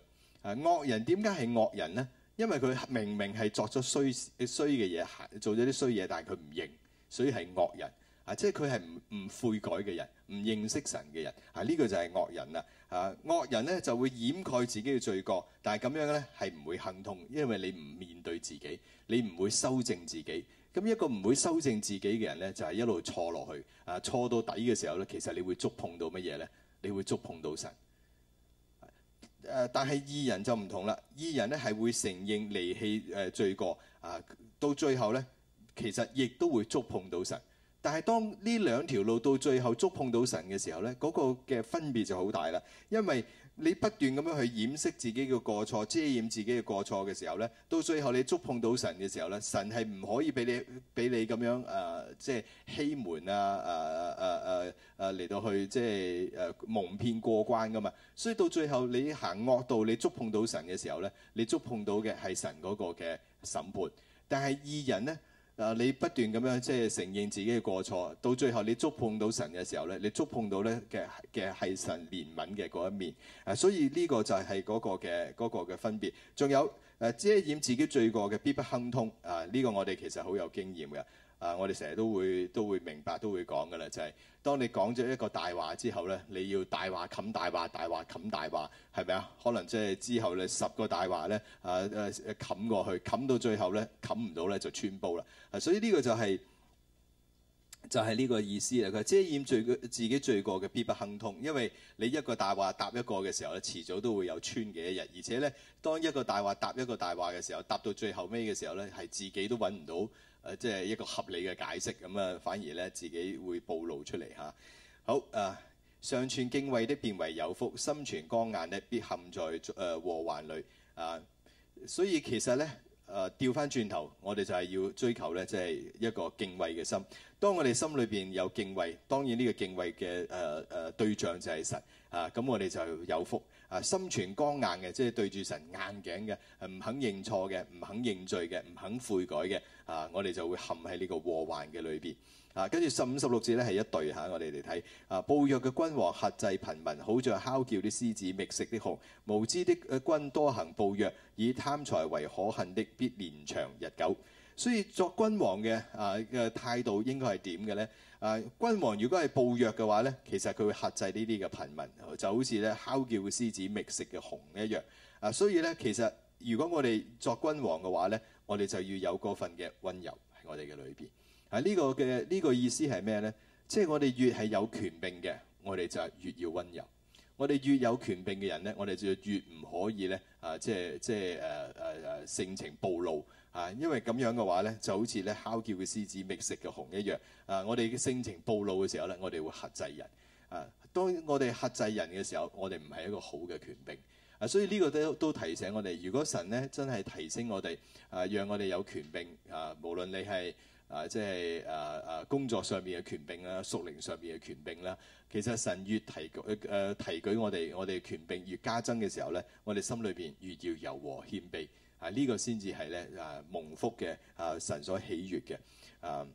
啊，惡人點解係惡人呢？因為佢明明係作咗衰衰嘅嘢，做咗啲衰嘢，但係佢唔認，所以係惡人。啊、即係佢係唔唔悔改嘅人，唔認識神嘅人啊！呢個就係惡人啦。啊，惡人呢就會掩蓋自己嘅罪過，但係咁樣呢係唔會亨通，因為你唔面對自己，你唔會修正自己。咁一個唔會修正自己嘅人呢，就係一路錯落去啊，錯到底嘅時候呢，其實你會觸碰到乜嘢呢？你會觸碰到神。啊、但係義人就唔同啦，義人呢係會承認離棄誒罪過啊。到最後呢，其實亦都會觸碰到神。但係當呢兩條路到最後觸碰到神嘅時候呢，嗰、那個嘅分別就好大啦。因為你不斷咁樣去掩飾自己嘅過錯、遮掩自己嘅過錯嘅時候呢，到最後你觸碰到神嘅時候呢，神係唔可以俾你俾你咁樣誒、呃，即係欺瞞啊誒誒誒誒嚟到去即係誒、呃、蒙騙過關噶嘛。所以到最後你行惡道，你觸碰到神嘅時候呢，你觸碰到嘅係神嗰個嘅審判。但係義人呢。啊！你不斷咁樣即係承認自己嘅過錯，到最後你觸碰到神嘅時候咧，你觸碰到咧嘅嘅係神憐憫嘅嗰一面啊！所以呢個就係嗰個嘅嗰個嘅分別。仲有誒遮掩自己罪過嘅必不亨通啊！呢個我哋其實好有經驗嘅。啊！我哋成日都會都會明白都會講嘅啦，就係當你講咗一個大話之後咧，你要大話冚大話，大話冚大話，係咪啊？可能即係之後咧十個大話咧啊誒冚過去，冚到最後咧冚唔到咧就穿煲啦！所以呢個就係就係呢個意思啦。佢遮掩罪自己罪過嘅必不亨通，因為你一個大話答一個嘅時候咧，遲早都會有穿嘅一日。而且咧，當一個大話答一個大話嘅時候，答到最後尾嘅時候咧，係自己都揾唔到。誒，即係一個合理嘅解釋咁啊，反而咧自己會暴露出嚟嚇。好誒、啊，常存敬畏的，便為有福；心存剛硬的，必陷在誒禍患裏啊。所以其實咧誒，調翻轉頭，我哋就係要追求咧，即、就、係、是、一個敬畏嘅心。當我哋心裏邊有敬畏，當然呢個敬畏嘅誒誒對象就係神啊。咁我哋就有福。啊，心存剛硬嘅，即係對住神硬頸嘅，唔肯認錯嘅，唔肯認罪嘅，唔肯悔改嘅，啊，我哋就會陷喺呢個禍患嘅裏邊。啊，跟住十五十六節呢，係一對嚇、啊，我哋嚟睇。啊，暴虐嘅君王轄制貧民，好像敲叫啲獅子，覓食啲熊，無知的君多行暴虐，以貪財為可恨的，必年長日久。所以作君王嘅啊嘅態度應該係點嘅咧？啊，君王如果係暴虐嘅話咧，其實佢會克制呢啲嘅貧民，就好似咧敲叫獅子、覓食嘅熊一樣。啊，所以咧，其實如果我哋作君王嘅話咧，我哋就要有嗰份嘅温柔喺我哋嘅裏邊。啊，呢、這個嘅呢、這個意思係咩咧？即、就、係、是、我哋越係有權柄嘅，我哋就係越要温柔。我哋越有權柄嘅人咧，我哋就越唔可以咧啊！即係即係誒誒誒性情暴露。啊，因為咁樣嘅話呢，就好似咧咆叫嘅獅子、覓食嘅熊一樣。啊，我哋嘅性情暴露嘅時候呢，我哋會剋制人。啊，當我哋剋制人嘅時候，我哋唔係一個好嘅權柄。啊，所以呢個都都提醒我哋，如果神呢真係提升我哋，啊，讓我哋有權柄啊，無論你係啊，即係、啊啊工作上面嘅權柄啦、屬靈上面嘅權柄啦，其實神越提、呃、提舉我哋我哋嘅權柄越加增嘅時候呢，我哋心裏邊越要柔和謙卑。啊！這個、呢個先至係咧啊蒙福嘅啊神所喜悅嘅啊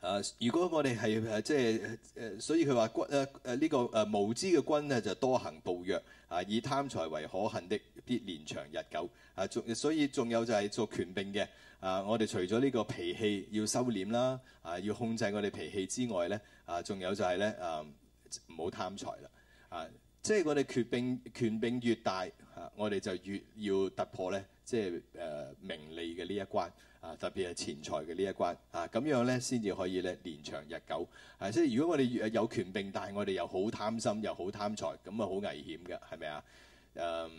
啊！如果我哋係誒即係誒、啊，所以佢話君誒誒呢個誒、啊、無知嘅君咧就多行暴虐啊！以貪財為可恨的，必連長日久啊！仲所以仲有就係做權柄嘅啊！我哋除咗呢個脾氣要收斂啦啊，要控制我哋脾氣之外咧啊，仲有就係、是、咧啊唔好貪財啦啊！即係我哋權柄權柄越大。我哋就越要突破咧，即係誒、呃、名利嘅呢一關啊、呃，特別係錢財嘅呢一關啊，咁樣咧先至可以咧年長日久啊。即係如果我哋越有權柄，但係我哋又好貪心又好貪財，咁啊好危險嘅，係咪啊？誒、呃、誒、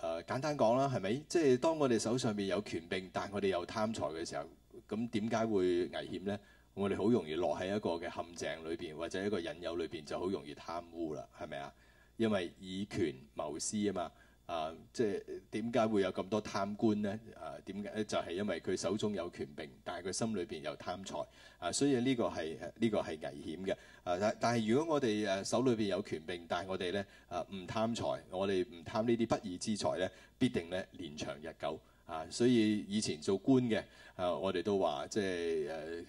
呃、簡單講啦，係咪？即係當我哋手上邊有權柄，但係我哋又貪財嘅時候，咁點解會危險咧？我哋好容易落喺一個嘅陷阱裏邊，或者一個引誘裏邊，就好容易貪污啦，係咪啊？因為以權謀私啊嘛，啊，即係點解會有咁多貪官呢？啊，點解？就係因為佢手中有權柄，但係佢心裏邊有貪財，啊，所以呢個係呢個係危險嘅。啊，但係如果我哋誒手裏邊有權柄，但係我哋咧啊唔貪財，我哋唔貪呢啲不義之財咧，必定咧年長日久啊。所以以前做官嘅啊，我哋都話即係誒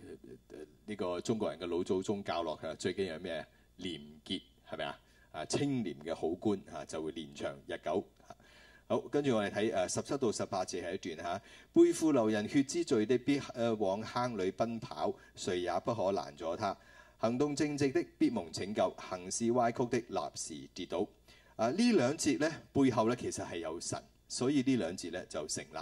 呢個中國人嘅老祖宗教落嘅最緊要係咩？廉潔係咪啊？清廉嘅好官嚇、啊、就會連長日久，好，跟住我哋睇誒十七到十八節係一段嚇、啊，背負流人血之罪的必誒、呃、往坑裏奔跑，誰也不可攔阻他。行動正直的必蒙拯救，行事歪曲的立時跌倒。啊，呢兩節呢，背後呢其實係有神，所以兩節呢兩節呢就成立。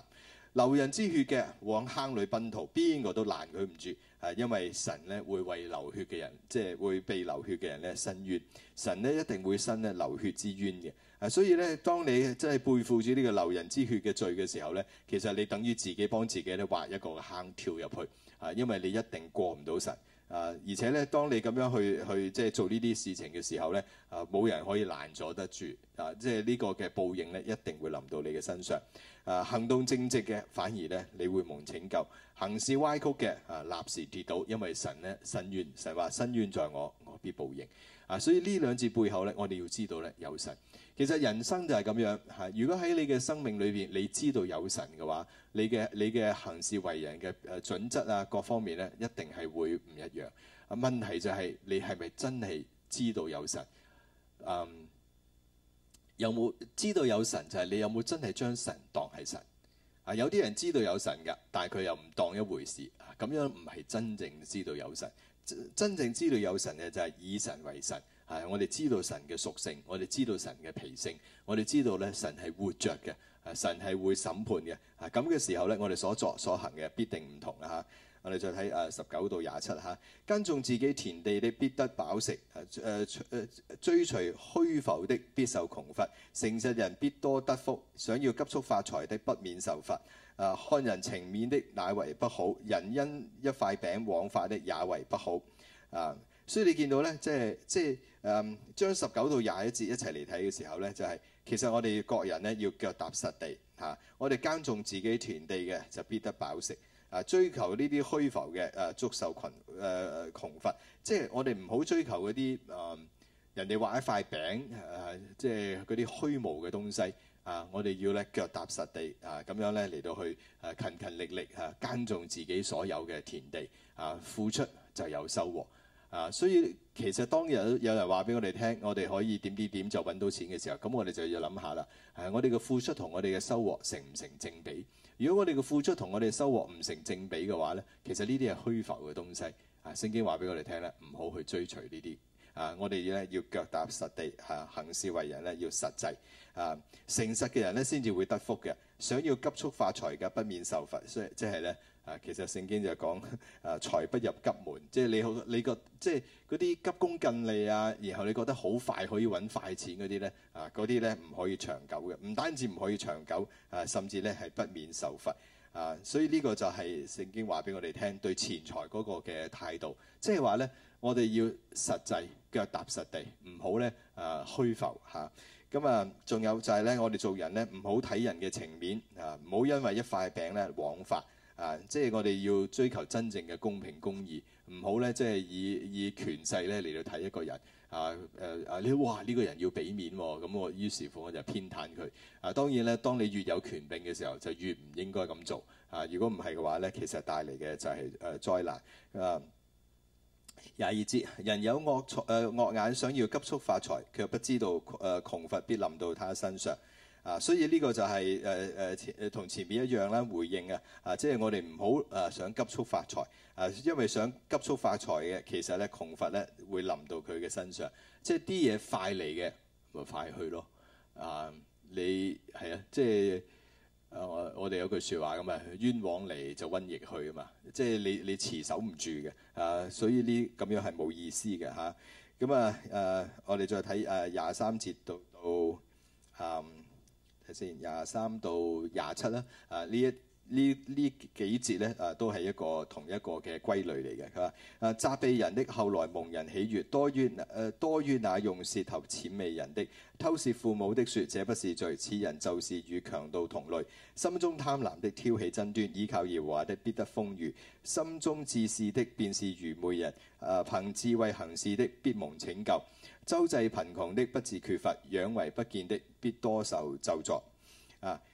流人之血嘅往坑裏奔逃，邊個都攔佢唔住。啊，因為神咧會為流血嘅人，即係會被流血嘅人咧伸冤，神咧一定會伸咧流血之冤嘅。啊，所以咧，當你真係背負住呢個流人之血嘅罪嘅時候咧，其實你等於自己幫自己咧挖一個坑跳入去，啊，因為你一定過唔到神。啊、而且咧，當你咁樣去去即係做呢啲事情嘅時候咧，啊，冇人可以攔阻得住啊！即係呢個嘅報應咧，一定會臨到你嘅身上。啊，行動正直嘅，反而咧，你會蒙拯救；行事歪曲嘅，啊，立時跌倒，因為神咧伸冤，神話，伸冤在我，我必報應。啊，所以呢兩字背後咧，我哋要知道咧，有神。其實人生就係咁樣吓，如果喺你嘅生命裏邊你知道有神嘅話，你嘅你嘅行事為人嘅誒準則啊，各方面咧，一定係會唔一樣。問題就係、是、你係咪真係知道有神？嗯，有冇知道有神就係你有冇真係將神當係神？啊，有啲人知道有神㗎，但係佢又唔當一回事，咁樣唔係真正知道有神。真正知道有神嘅就係以神為神。係、啊，我哋知道神嘅屬性，我哋知道神嘅脾性，我哋知道咧神係活着嘅，啊神係會審判嘅，啊咁嘅時候咧，我哋所作所行嘅必定唔同啦嚇、啊。我哋再睇誒十九到廿七嚇，耕種自己田地的必得飽食，誒、啊、誒追隨虛、啊、浮的必受窮乏，誠實人必多得福，想要急速發財的不免受罰，啊看人情面的乃為不好，人因一塊餅枉法的也為不好，啊所以你見到咧即係即係。即誒將十九到廿一節一齊嚟睇嘅時候呢，就係、是、其實我哋各人呢要腳踏實地嚇、啊，我哋耕種自己田地嘅就必得飽食啊！追求呢啲虛浮嘅誒足受誒窮乏，即係我哋唔好追求嗰啲誒人哋畫一塊餅、啊、即係嗰啲虛無嘅東西啊！我哋要咧腳踏實地啊，咁樣呢嚟到去誒、啊、勤勤力力嚇、啊、耕種自己所有嘅田地啊，付出就有收穫。啊，所以其實當有有人話俾我哋聽，我哋可以點點點就揾到錢嘅時候，咁我哋就要諗下啦。誒、啊，我哋嘅付出同我哋嘅收穫成唔成正比？如果我哋嘅付出同我哋嘅收穫唔成正比嘅話呢，其實呢啲係虛浮嘅東西。啊，聖經話俾我哋聽咧，唔好去追隨呢啲。啊，我哋要腳踏實地，嚇、啊、行事為人咧要實際。啊，誠實嘅人咧先至會得福嘅。想要急速發財嘅，不免受罰。所以即係咧。就是啊，其實聖經就講啊，財不入急門，即係你好你個即係嗰啲急功近利啊，然後你覺得好快可以揾快錢嗰啲呢，啊，嗰啲呢唔可以長久嘅，唔單止唔可以長久啊，甚至呢係不免受罰啊。所以呢個就係聖經話俾我哋聽對錢財嗰個嘅態度，即係話呢，我哋要實際腳踏實地，唔好呢啊虛浮嚇。咁啊，仲有就係呢，我哋做人呢唔好睇人嘅情面啊，唔好因為一塊餅呢枉法。啊！即係我哋要追求真正嘅公平公義，唔好呢，即係以以權勢咧嚟到睇一個人。啊誒啊！你哇呢、呢個人要俾面喎，咁、啊、我於是乎我就偏袒佢。啊，當然呢，當你越有權柄嘅時候，就越唔應該咁做。啊，如果唔係嘅話呢，其實帶嚟嘅就係誒災難。廿、啊、二節，人有惡財誒、呃、惡眼，想要急速發財，卻不知道誒、呃、窮乏必臨到他身上。啊，所以呢個就係誒誒同前面一樣啦，回應啊啊，即係我哋唔好誒想急速發財啊，因為想急速發財嘅，其實咧窮乏咧會臨到佢嘅身上，即係啲嘢快嚟嘅咪快去咯啊！你係啊，即係誒、啊、我我哋有句説話咁啊，冤枉嚟就瘟疫去啊嘛，即係你你持守唔住嘅啊，所以呢咁樣係冇意思嘅嚇。咁啊誒、啊啊啊，我哋再睇誒廿三節到啊。啊先廿三到廿七啦，啊呢一。節呢呢幾節咧啊，都係一個同一個嘅規律嚟嘅，係嘛？啊，責備人的後來蒙人喜悅，多於誒、呃、多於那用舌頭諂媚人的，偷竊父母的，説這不是罪，此人就是與強盜同類。心中貪婪的挑起爭端，倚靠耶和華的必得風雨。心中自恃的便是愚昧人，啊，憑智慧行事的必蒙拯救。周濟貧窮的不致缺乏，佯為不見的必多受咒詛。啊！啊啊啊啊啊啊啊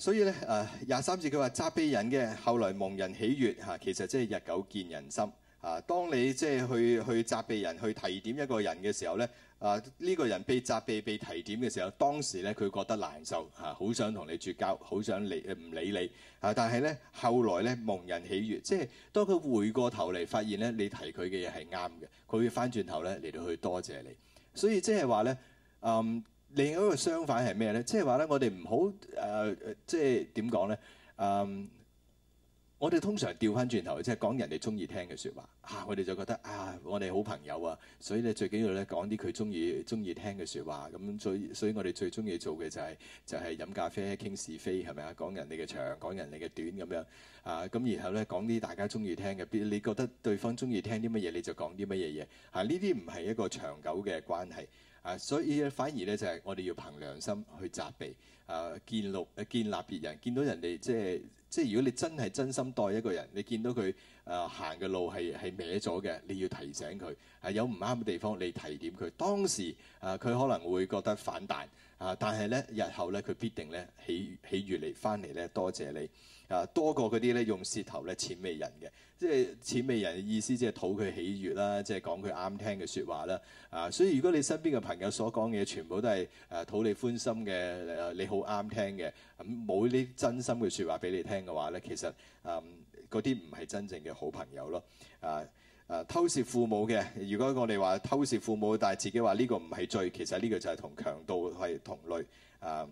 所以咧，誒、啊、廿三節佢話責備人嘅，後來蒙人喜悅嚇、啊，其實即係日久見人心嚇、啊。當你即係去去責備人、去提點一個人嘅時候咧，誒、啊、呢、這個人被責備、被提點嘅時候，當時咧佢覺得難受嚇，好、啊、想同你絕交，好想理唔理你嚇、啊。但係咧，後來咧蒙人喜悅，即係當佢回過頭嚟發現咧，你提佢嘅嘢係啱嘅，佢會翻轉頭咧嚟到去多謝你。所以即係話咧，嗯。另外一個相反係咩呢？就係呃呃呃、即係話呢，我哋唔好誒，即係點講呢？嗯，我哋通常調翻轉頭，即係講人哋中意聽嘅説話嚇、啊，我哋就覺得啊，我哋好朋友啊，所以咧最緊要咧講啲佢中意中意聽嘅説話。咁最所以我哋最中意做嘅就係、係、就係、係、飲咖啡傾是非係咪啊？講人哋嘅長，講人哋嘅短咁樣啊。咁然後呢，講啲大家中意聽嘅，你覺得對方中意聽啲乜嘢你就講啲乜嘢嘢嚇。呢啲唔係一個長久嘅關係。啊，所以咧反而咧就係我哋要憑良心去責備，啊，建立，建立別人，見到人哋即係即係如果你真係真心待一個人，你見到佢誒、啊、行嘅路係係歪咗嘅，你要提醒佢，係、啊、有唔啱嘅地方，你提點佢。當時啊，佢可能會覺得反彈，啊，但係咧，日後咧，佢必定咧喜喜越嚟翻嚟咧，多謝你。啊，多過嗰啲咧用舌頭咧諂媚人嘅，即係諂媚人嘅意思，即係討佢喜悅啦，即係講佢啱聽嘅説話啦。啊，所以如果你身邊嘅朋友所講嘅、啊、全部都係誒、啊、討你歡心嘅，你好啱聽嘅，咁冇啲真心嘅説話俾你聽嘅話咧，其實誒嗰啲唔係真正嘅好朋友咯。啊啊，偷竊父母嘅，如果我哋話偷竊父母，但係自己話呢個唔係罪，其實呢個就係同強盜係同類啊。啊啊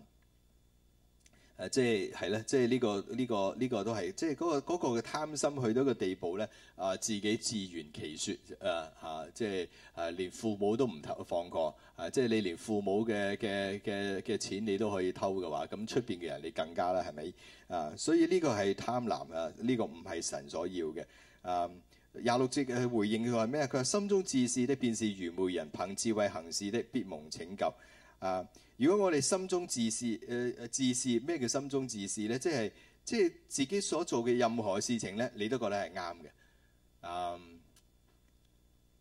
誒即係係咧，即係呢、這個呢、這個呢、這個都係，即係嗰、那個嘅、那個、貪心去到個地步咧，啊，自己自圓其説，誒、啊、嚇、啊，即係誒、啊、連父母都唔放過，誒、啊、即係你連父母嘅嘅嘅嘅錢你都可以偷嘅話，咁出邊嘅人你更加啦，係咪？啊，所以呢個係貪婪啊，呢、這個唔係神所要嘅。啊，廿六節去回應佢話咩？佢話心中自是的便是愚昧人，憑智慧行事的必蒙拯救。啊。啊如果我哋心中自私、呃，自私，咩叫心中自私呢？即係即係自己所做嘅任何事情呢，你都覺得係啱嘅。Um,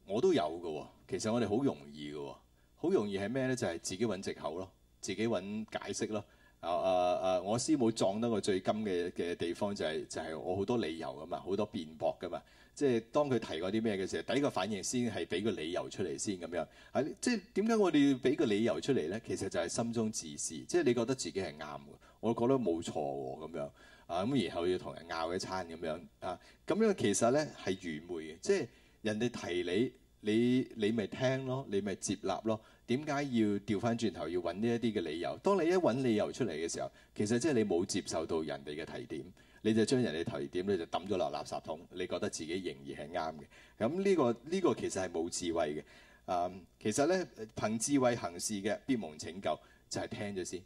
我都有嘅、哦。其實我哋好容易嘅、哦，好容易係咩呢？就係、是、自己揾藉口咯，自己揾解釋咯。啊啊啊！我師母撞得個最金嘅嘅地方就係、是、就係、是、我好多理由噶嘛，好多辯駁噶嘛。即係當佢提過啲咩嘅時候，第一個反應先係俾個理由出嚟先咁樣。係、啊、即係點解我哋要俾個理由出嚟咧？其實就係心中自恃，即係你覺得自己係啱嘅，我覺得冇錯喎咁樣。啊咁，然後要同人拗一餐咁樣。啊咁樣其實咧係愚昧嘅，即係人哋提你，你你咪聽咯，你咪接納咯。點解要調翻轉頭要揾呢一啲嘅理由？當你一揾理由出嚟嘅時候，其實即係你冇接受到人哋嘅提點，你就將人哋提點你就抌咗落垃圾桶。你覺得自己仍然係啱嘅，咁、嗯、呢個呢個其實係冇智慧嘅。啊、嗯，其實咧憑智慧行事嘅必蒙拯救，就係、是、聽咗先，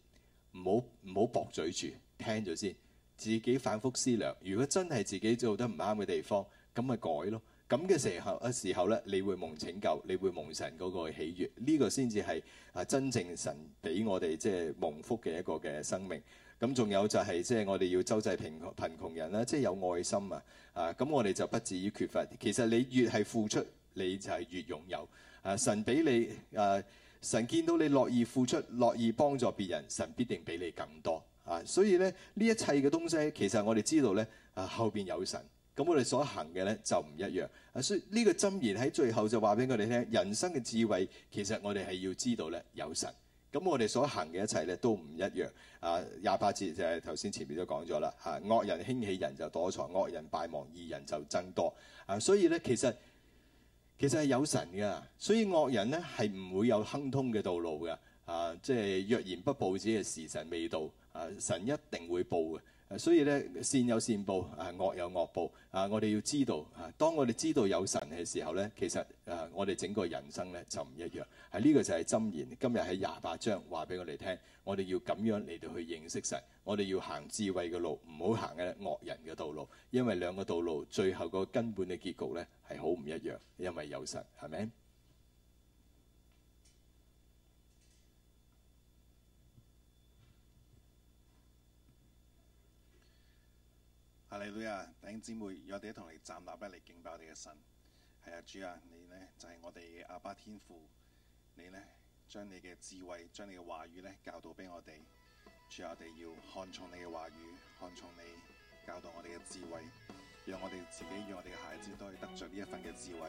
唔好唔好駁嘴住，聽咗先，自己反覆思量。如果真係自己做得唔啱嘅地方，咁咪改咯。咁嘅時候嘅時候咧，你會蒙拯救，你會蒙神嗰個喜悅，呢、這個先至係啊真正神俾我哋即係蒙福嘅一個嘅生命。咁仲有就係即係我哋要周濟貧窮貧窮人啦，即係有愛心啊！啊，咁我哋就不至於缺乏。其實你越係付出，你就係越擁有。啊，神俾你啊，神見到你樂意付出、樂意幫助別人，神必定俾你更多啊！所以咧，呢一切嘅東西，其實我哋知道咧啊，後邊有神。咁我哋所行嘅咧就唔一樣，所以呢個箴言喺最後就話俾我哋聽，人生嘅智慧其實我哋係要知道咧有神，咁我哋所行嘅一切咧都唔一樣。啊，廿八節就係頭先前面都講咗啦，啊，惡人興起人就躲藏，惡人敗亡義人就增多。啊，所以咧其實其實係有神噶，所以惡人咧係唔會有亨通嘅道路嘅。啊，即係若然不報，只係時辰未到，啊，神一定會報嘅。啊、所以咧善有善報，啊惡有惡報，啊我哋要知道，啊當我哋知道有神嘅時候咧，其實啊我哋整個人生咧就唔一樣。係、啊、呢、這個就係箴言。今日喺廿八章，話俾我哋聽，我哋要咁樣嚟到去認識神，我哋要行智慧嘅路，唔好行嘅惡人嘅道路，因為兩個道路最後個根本嘅結局咧係好唔一樣，因為有神，係咪？靚女啊，弟兄姊妹，我哋一同嚟站立，一齊嚟敬拜我哋嘅神。係啊，主啊，你呢，就係、是、我哋嘅阿爸天父，你呢，將你嘅智慧，將你嘅話語呢，教導俾我哋。主啊，我哋要看重你嘅話語，看重你教導我哋嘅智慧，讓我哋自己，讓我哋嘅孩子都可以得着呢一份嘅智慧。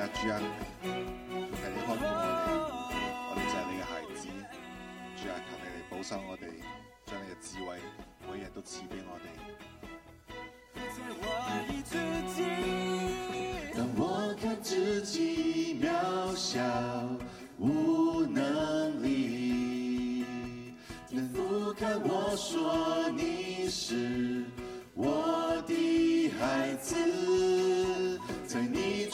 我哋，我就係你嘅孩子。主 啊樂，求你嚟保守我哋，將你嘅智慧每日都賜俾我哋。當我看自己渺小無能力，天父看我說你是我的孩子。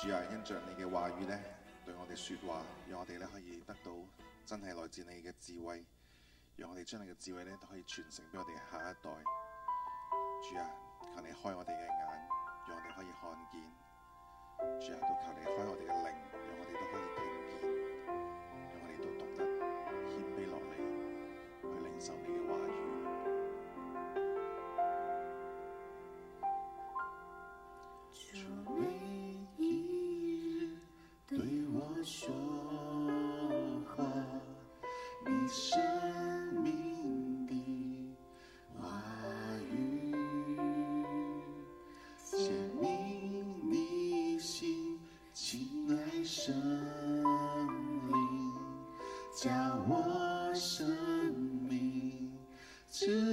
主啊，因着你嘅話語咧，對我哋說話，讓我哋咧可以得到真係來自你嘅智慧，讓我哋將你嘅智慧咧都可以傳承俾我哋下一代。主啊，求你開我哋嘅眼，讓我哋可以看見；主啊，都求你開我哋嘅靈，讓我哋都可以聽見，讓我哋都懂得謙卑落嚟，去領受你嘅話語。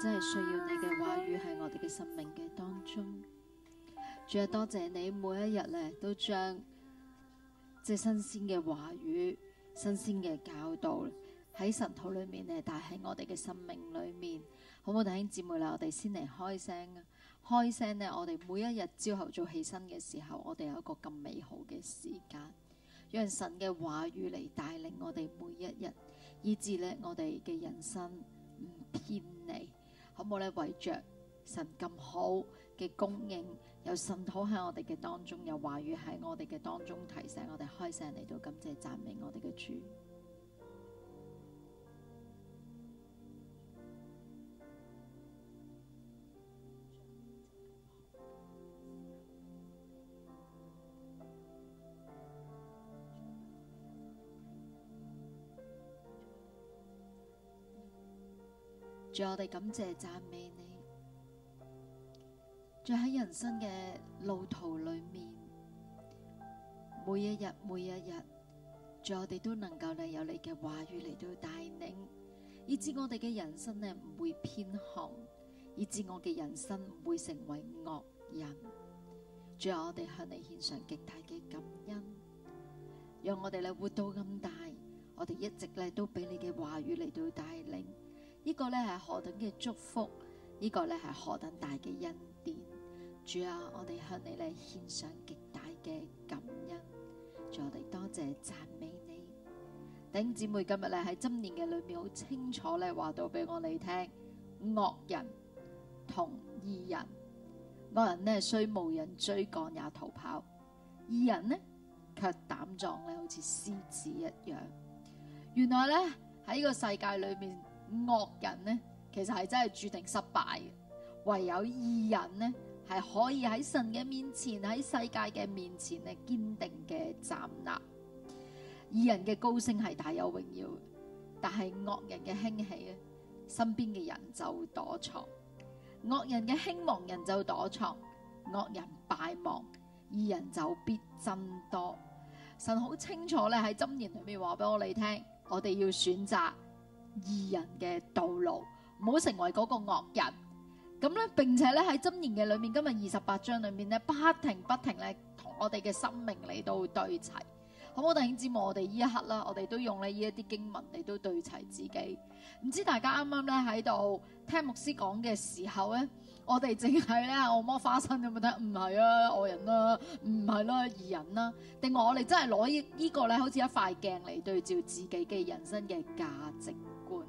真係需要你嘅話語喺我哋嘅生命嘅當中，仲要多謝你每一日咧都將即係新鮮嘅話語、新鮮嘅教導喺神土裏面咧，帶喺我哋嘅生命裏面，好唔好？弟兄姊，姊妹啦，我哋先嚟開聲，開聲呢，我哋每一日朝頭早起身嘅時候，我哋有一個咁美好嘅時間，讓神嘅話語嚟帶領我哋每一日，以至呢，我哋嘅人生。冇咧，為着神咁好嘅供應，有神好喺我哋嘅當中，有話語喺我哋嘅當中提醒我哋開聲嚟到感謝讚美我哋嘅主。仲有我哋感謝讚美你，仲喺人生嘅路途裏面，每一日每一日，仲有我哋都能夠有你嘅話語嚟到帶領，以至我哋嘅人生咧唔會偏航，以至我嘅人生唔會成為惡人。仲有我哋向你獻上極大嘅感恩，讓我哋咧活到咁大，我哋一直咧都俾你嘅話語嚟到帶領。個呢個咧係何等嘅祝福，這個、呢個咧係何等大嘅恩典。主啊，我哋向你咧獻上極大嘅感恩。主，我哋多謝讚美你。弟兄姊妹今日咧喺箴言嘅裏面好清楚咧話到俾我哋聽，惡人同義人，惡人呢雖無人追趕也逃跑，義人呢却膽壯咧好似獅子一樣。原來咧喺呢個世界裏面。惡人咧，其實係真係注定失敗嘅。唯有義人咧，係可以喺神嘅面前，喺世界嘅面前咧，堅定嘅站立。義人嘅高升係大有榮耀，但係惡人嘅興起咧，身邊嘅人就會躲藏；惡人嘅興亡人就躲藏，惡人敗亡，義人就必增多。神好清楚咧喺箴言裏面話俾我哋聽，我哋要選擇。二人嘅道路，唔好成為嗰個惡人。咁咧，並且咧喺箴言嘅裏面，今日二十八章裏面咧，不停不停咧，同我哋嘅生命嚟到對齊。好唔好？我哋希望我哋呢一刻啦，我哋都用咧呢一啲經文嚟到對齊自己。唔知大家啱啱咧喺度聽牧師講嘅時候咧？我哋淨係咧，我摸花生咁樣睇，唔係啊，人啊啊人啊外人啦，唔係啦，義人啦。定我哋真係攞呢依個咧，好似一塊鏡嚟對照自己嘅人生嘅價值觀。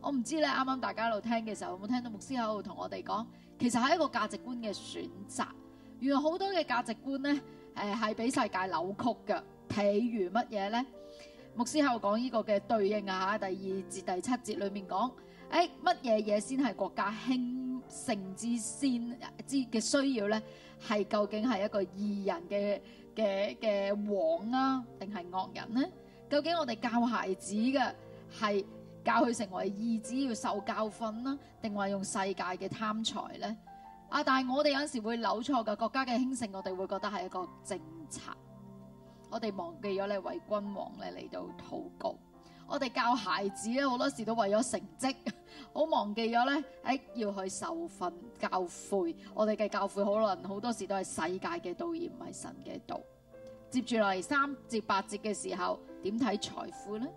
我唔知咧，啱啱大家喺度聽嘅時候有冇聽到牧師喺度同我哋講，其實係一個價值觀嘅選擇。原來好多嘅價值觀咧，誒係俾世界扭曲噶。譬如乜嘢咧？牧師喺度講呢個嘅對應啊，嚇第二節第七節裡面講，誒乜嘢嘢先係國家興？成之先之嘅需要咧，係究竟係一個義人嘅嘅嘅王啊，定係惡人呢？究竟我哋教孩子嘅係教佢成為義子要受教訓啦，定話用世界嘅貪財咧？啊！但係我哋有時會扭錯嘅國家嘅興盛，我哋會覺得係一個政策，我哋忘記咗你為君王咧嚟到禱告。我哋教孩子咧，好多時都為咗成績。好忘記咗咧，喺要去受訓教誨。我哋嘅教誨可能好多時都係世界嘅道而唔係神嘅道。接住嚟三至八節嘅時候，點睇財富咧？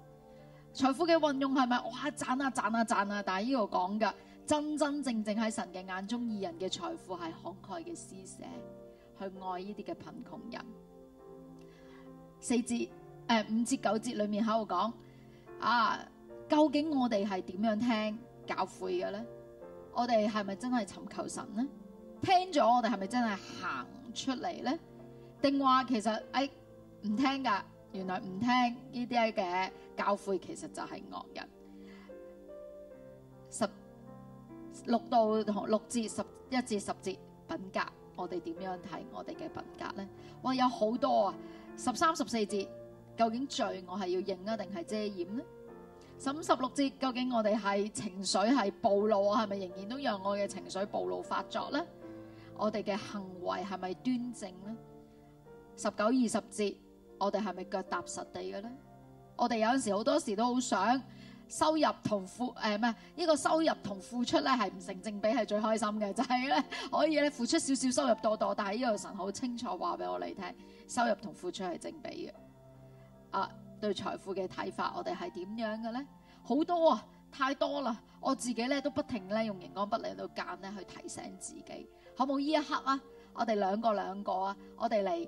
財富嘅運用係咪哇賺啊賺啊賺啊，啊？但係呢度講嘅真真正正喺神嘅眼中，二人嘅財富係慷慨嘅施捨，去愛呢啲嘅貧窮人。四節誒、呃、五節九節裡面喺度講啊，究竟我哋係點樣聽？教誨嘅咧，我哋係咪真係尋求神呢？聽咗我哋係咪真係行出嚟咧？定話其實哎唔聽噶，原來唔聽呢啲嘅教誨，其實就係惡人。十六到六至十一至十節品格，我哋點樣睇我哋嘅品格咧？哇，有好多啊！十三十四節，究竟罪我係要認啊，定係遮掩呢？十五十六節，究竟我哋係情緒係暴露，係咪仍然都讓我嘅情緒暴露發作咧？我哋嘅行為係咪端正呢？十九二十節，我哋係咪腳踏實地嘅咧？我哋有陣時好多時都好想收入同付誒咩？呢、呃這個收入同付出咧係唔成正比係最開心嘅，就係、是、咧可以咧付出少少收入多多，但係呢個神好清楚話俾我哋聽，收入同付出係正比嘅啊。Uh, 對財富嘅睇法，我哋係點樣嘅咧？好多啊，太多啦！我自己咧都不停咧用螢光筆嚟到間咧去提醒自己，好冇呢一刻啊！我哋兩個兩個啊！我哋嚟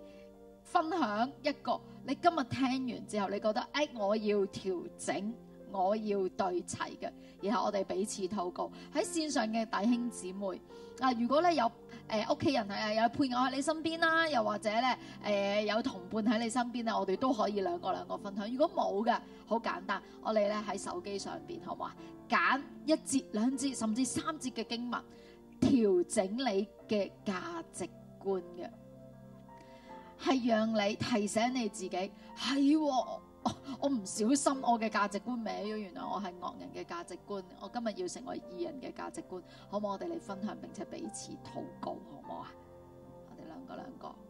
分享一個，你今日聽完之後，你覺得誒、欸、我要調整，我要對齊嘅，然後我哋彼此禱告喺線上嘅弟兄姊妹啊！如果咧有。誒屋企人係啊，有配偶喺你身邊啦，又或者咧誒、呃、有同伴喺你身邊咧，我哋都可以兩個兩個分享。如果冇嘅，好簡單，我哋咧喺手機上邊，好唔好啊？揀一節兩節甚至三節嘅經文，調整你嘅價值觀嘅，係讓你提醒你自己係。哦、我唔小心我嘅價值觀歪咗，原來我係惡人嘅價值觀，我今日要成為義人嘅價值觀。好唔好我哋嚟分享並且彼此禱告，好唔好啊！我哋兩個兩個。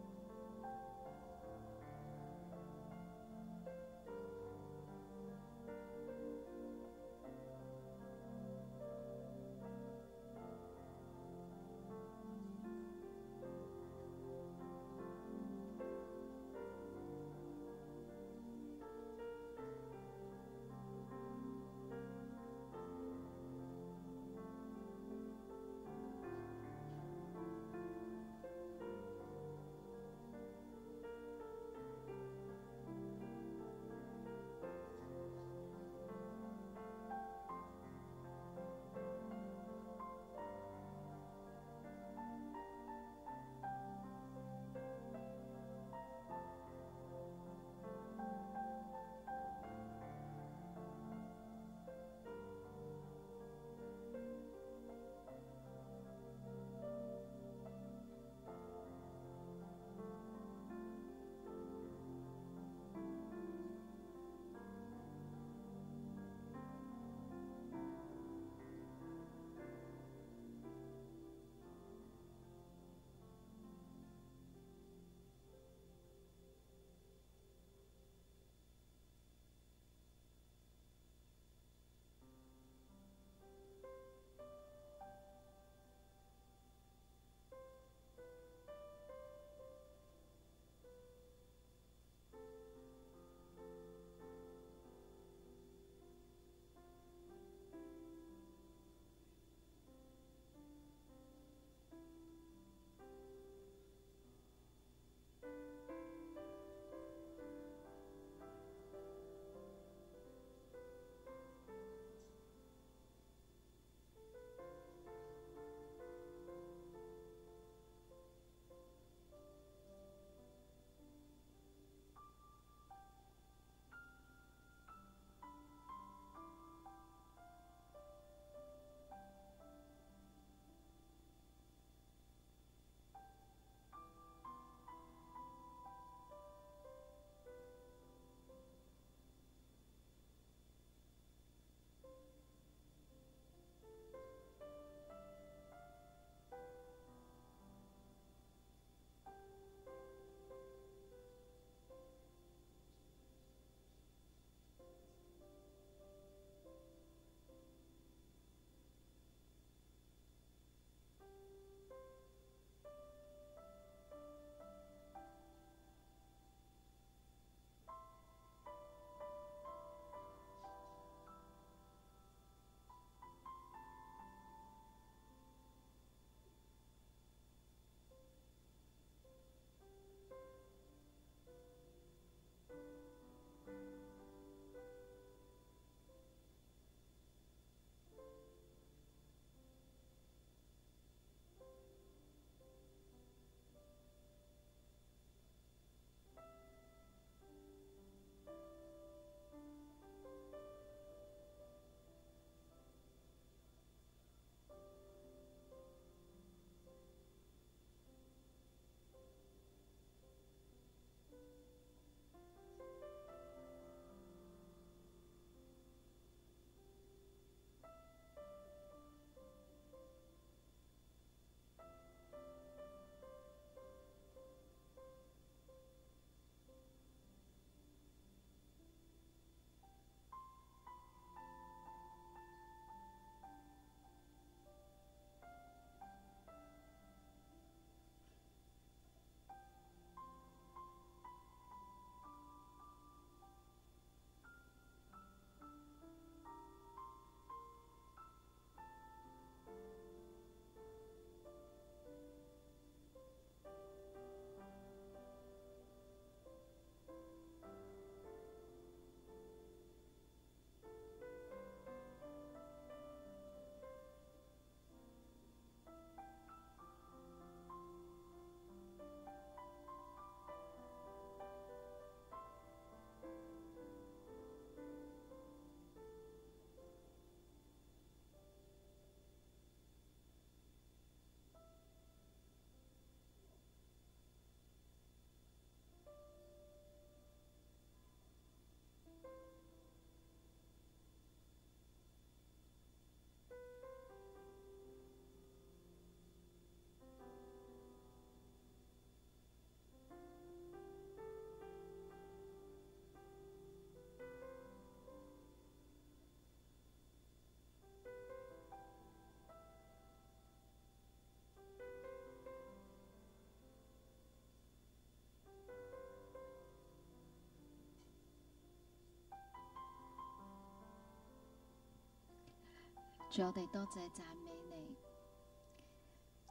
主啊，我哋多謝讚美你。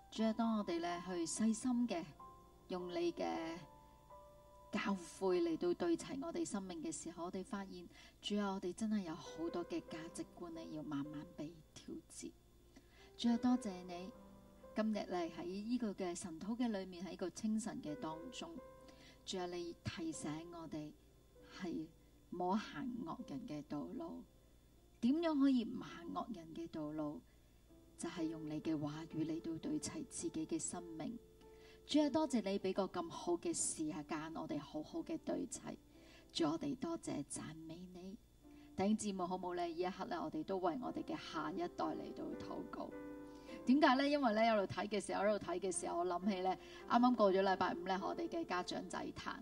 主啊，當我哋咧去細心嘅用你嘅教誨嚟到對齊我哋生命嘅時候，我哋發現，主啊，我哋真係有好多嘅價值觀咧，要慢慢被調節。主啊，多謝你今日嚟喺呢個嘅晨禱嘅裏面，喺個清晨嘅當中，主啊，你提醒我哋係冇行惡人嘅道路。點樣可以唔行惡人嘅道路？就係、是、用你嘅話語嚟到對齊自己嘅生命。主要多謝你俾個咁好嘅事啊，間我哋好好嘅對齊。祝我哋多謝讚美你，頂節目好唔好呢？呢一刻呢，我哋都為我哋嘅下一代嚟到禱告。點解呢？因為呢，喺度睇嘅時候，喺度睇嘅時候，我諗起呢，啱啱過咗禮拜五呢，我哋嘅家長祭壇，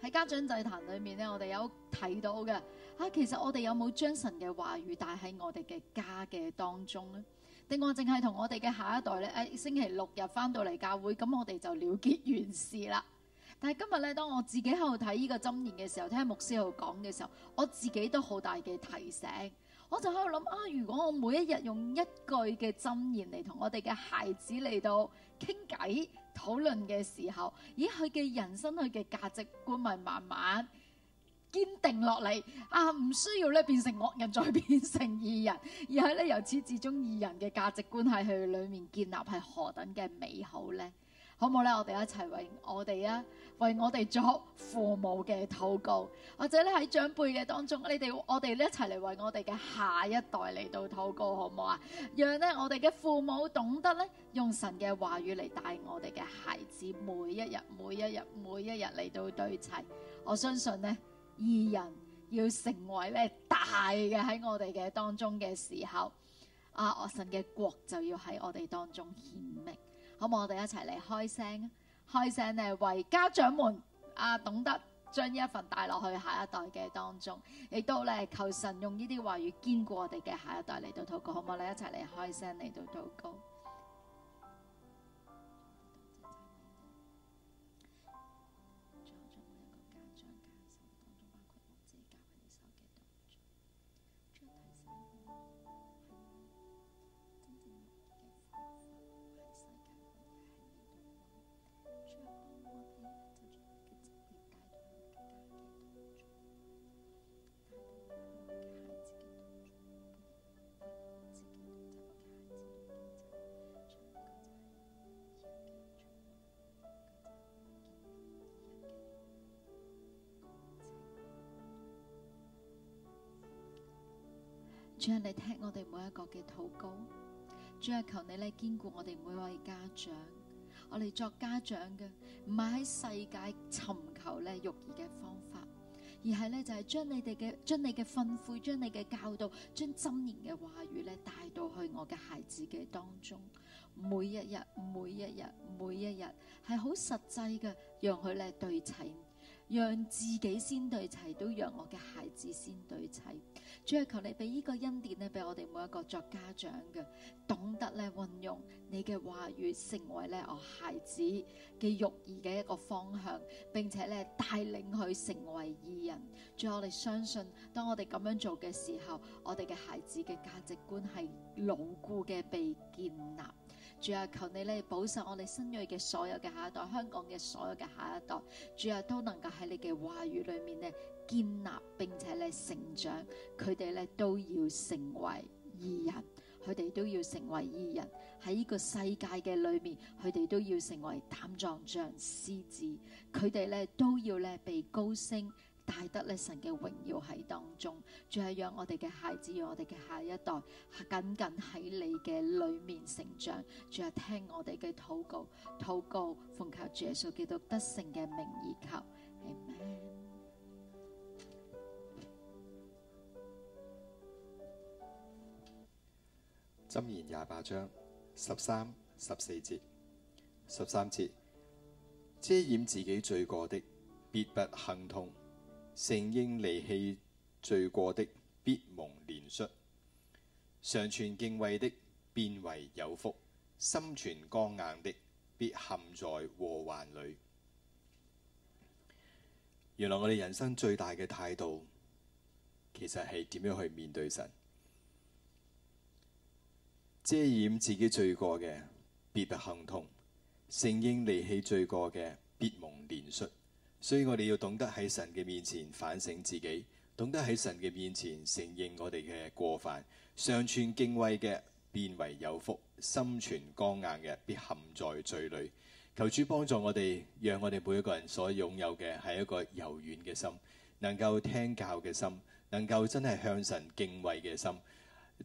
喺家長祭壇裏面呢，我哋有睇到嘅。嚇，其實我哋有冇將神嘅話語帶喺我哋嘅家嘅當中呢？定我淨係同我哋嘅下一代咧？誒、哎，星期六日翻到嚟教會，咁我哋就了結完事啦。但係今日咧，當我自己喺度睇呢個箴言嘅時候，聽牧師喺度講嘅時候，我自己都好大嘅提醒。我就喺度諗啊，如果我每一日用一句嘅箴言嚟同我哋嘅孩子嚟到傾偈討論嘅時候，而佢嘅人生佢嘅價值觀咪慢慢～堅定落嚟啊！唔需要咧變成惡人再變成義人，而係咧由始至終義人嘅價值觀係去裏面建立係何等嘅美好呢？好唔好咧？我哋一齊為我哋啊，為我哋作父母嘅禱告，或者咧喺長輩嘅當中，你哋我哋一齊嚟為我哋嘅下一代嚟到禱告，好唔好啊？讓呢我哋嘅父母懂得咧用神嘅話語嚟帶我哋嘅孩子每，每一日每一日每一日嚟到堆砌。我相信呢。二人要成為咧大嘅喺我哋嘅當中嘅時候，啊！我神嘅國就要喺我哋當中顯明。好，我哋一齊嚟開聲，開聲咧為家長們啊，懂得將呢一份帶落去下一代嘅當中，亦都咧求神用呢啲話語堅固我哋嘅下一代嚟到禱告。好唔好咧？我哋一齊嚟開聲嚟到禱告。主啊，你聽我哋每一個嘅禱告，主啊，求你咧兼顧我哋每位家長，我哋作家長嘅，唔係喺世界尋求咧育兒嘅方法，而係咧就係、是、將你哋嘅將你嘅訓誨、將你嘅教導、將箴言嘅話語咧帶到去我嘅孩子嘅當中，每一日、每一日、每一日係好實際嘅，讓佢咧對齊。讓自己先對齊，都讓我嘅孩子先對齊。主要求你俾呢個恩典咧，俾我哋每一個作家長嘅，懂得咧運用你嘅話語，成為咧我孩子嘅育兒嘅一個方向，並且咧帶領佢成為義人。最後我哋相信，當我哋咁樣做嘅時候，我哋嘅孩子嘅價值觀係牢固嘅被建立。主啊，求你咧保守我哋新銳嘅所有嘅下一代，香港嘅所有嘅下一代，主啊都能夠喺你嘅話語裏面咧建立，並且咧成長，佢哋咧都要成為義人，佢哋都要成為義人喺呢個世界嘅裏面，佢哋都要成為膽壯像獅子，佢哋咧都要咧被高升帶得咧神嘅榮耀喺當中。仲係讓我哋嘅孩子，讓我哋嘅下一代，緊緊喺你嘅裏面成長，仲係聽我哋嘅禱告，禱告，奉求主耶穌基督得勝嘅名義求，阿們。箴言廿八章十三、十四節，十三節，遮掩自己罪過的，必不亨通，承認離棄罪過的必蒙憐恤，常存敬畏的便為有福；心存剛硬的必陷在禍患裏。原來我哋人生最大嘅態度，其實係點樣去面對神？遮掩自己罪過嘅，必不亨通，承認離棄罪過嘅，必蒙憐恤。所以我哋要懂得喺神嘅面前反省自己。懂得喺神嘅面前承認我哋嘅過犯，常存敬畏嘅，變為有福；心存剛硬嘅，必陷在罪裏，求主幫助我哋，讓我哋每一個人所擁有嘅係一個柔軟嘅心，能夠聽教嘅心，能夠真係向神敬畏嘅心。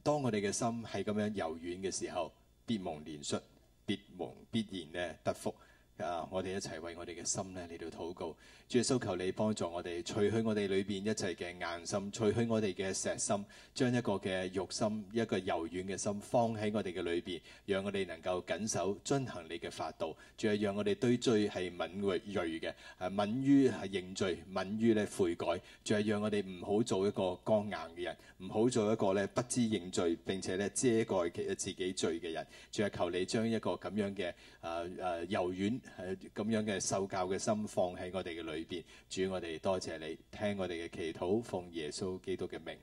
當我哋嘅心係咁樣柔軟嘅時候，必蒙憐恤，必蒙必然嘅得福。啊！我哋一齊為我哋嘅心咧嚟到禱告。主係求你幫助我哋，除去我哋裏邊一切嘅硬心，除去我哋嘅石心，將一個嘅肉心、一個柔軟嘅心放喺我哋嘅裏邊，讓我哋能夠謹守遵行你嘅法度。仲係讓我哋對罪係敏鋭鋭嘅，誒敏於係認罪、敏於咧悔改。仲係讓我哋唔好做一個剛硬嘅人，唔好做一個咧不知認罪並且咧遮蓋嘅自己罪嘅人。仲係求你將一個咁樣嘅誒誒柔軟誒咁樣嘅受教嘅心放喺我哋嘅裏裏邊，主，我哋多謝你聽我哋嘅祈禱，奉耶穌基督嘅名，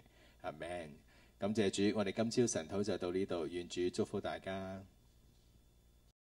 阿門。感謝主，我哋今朝晨禱就到呢度，願主祝福大家。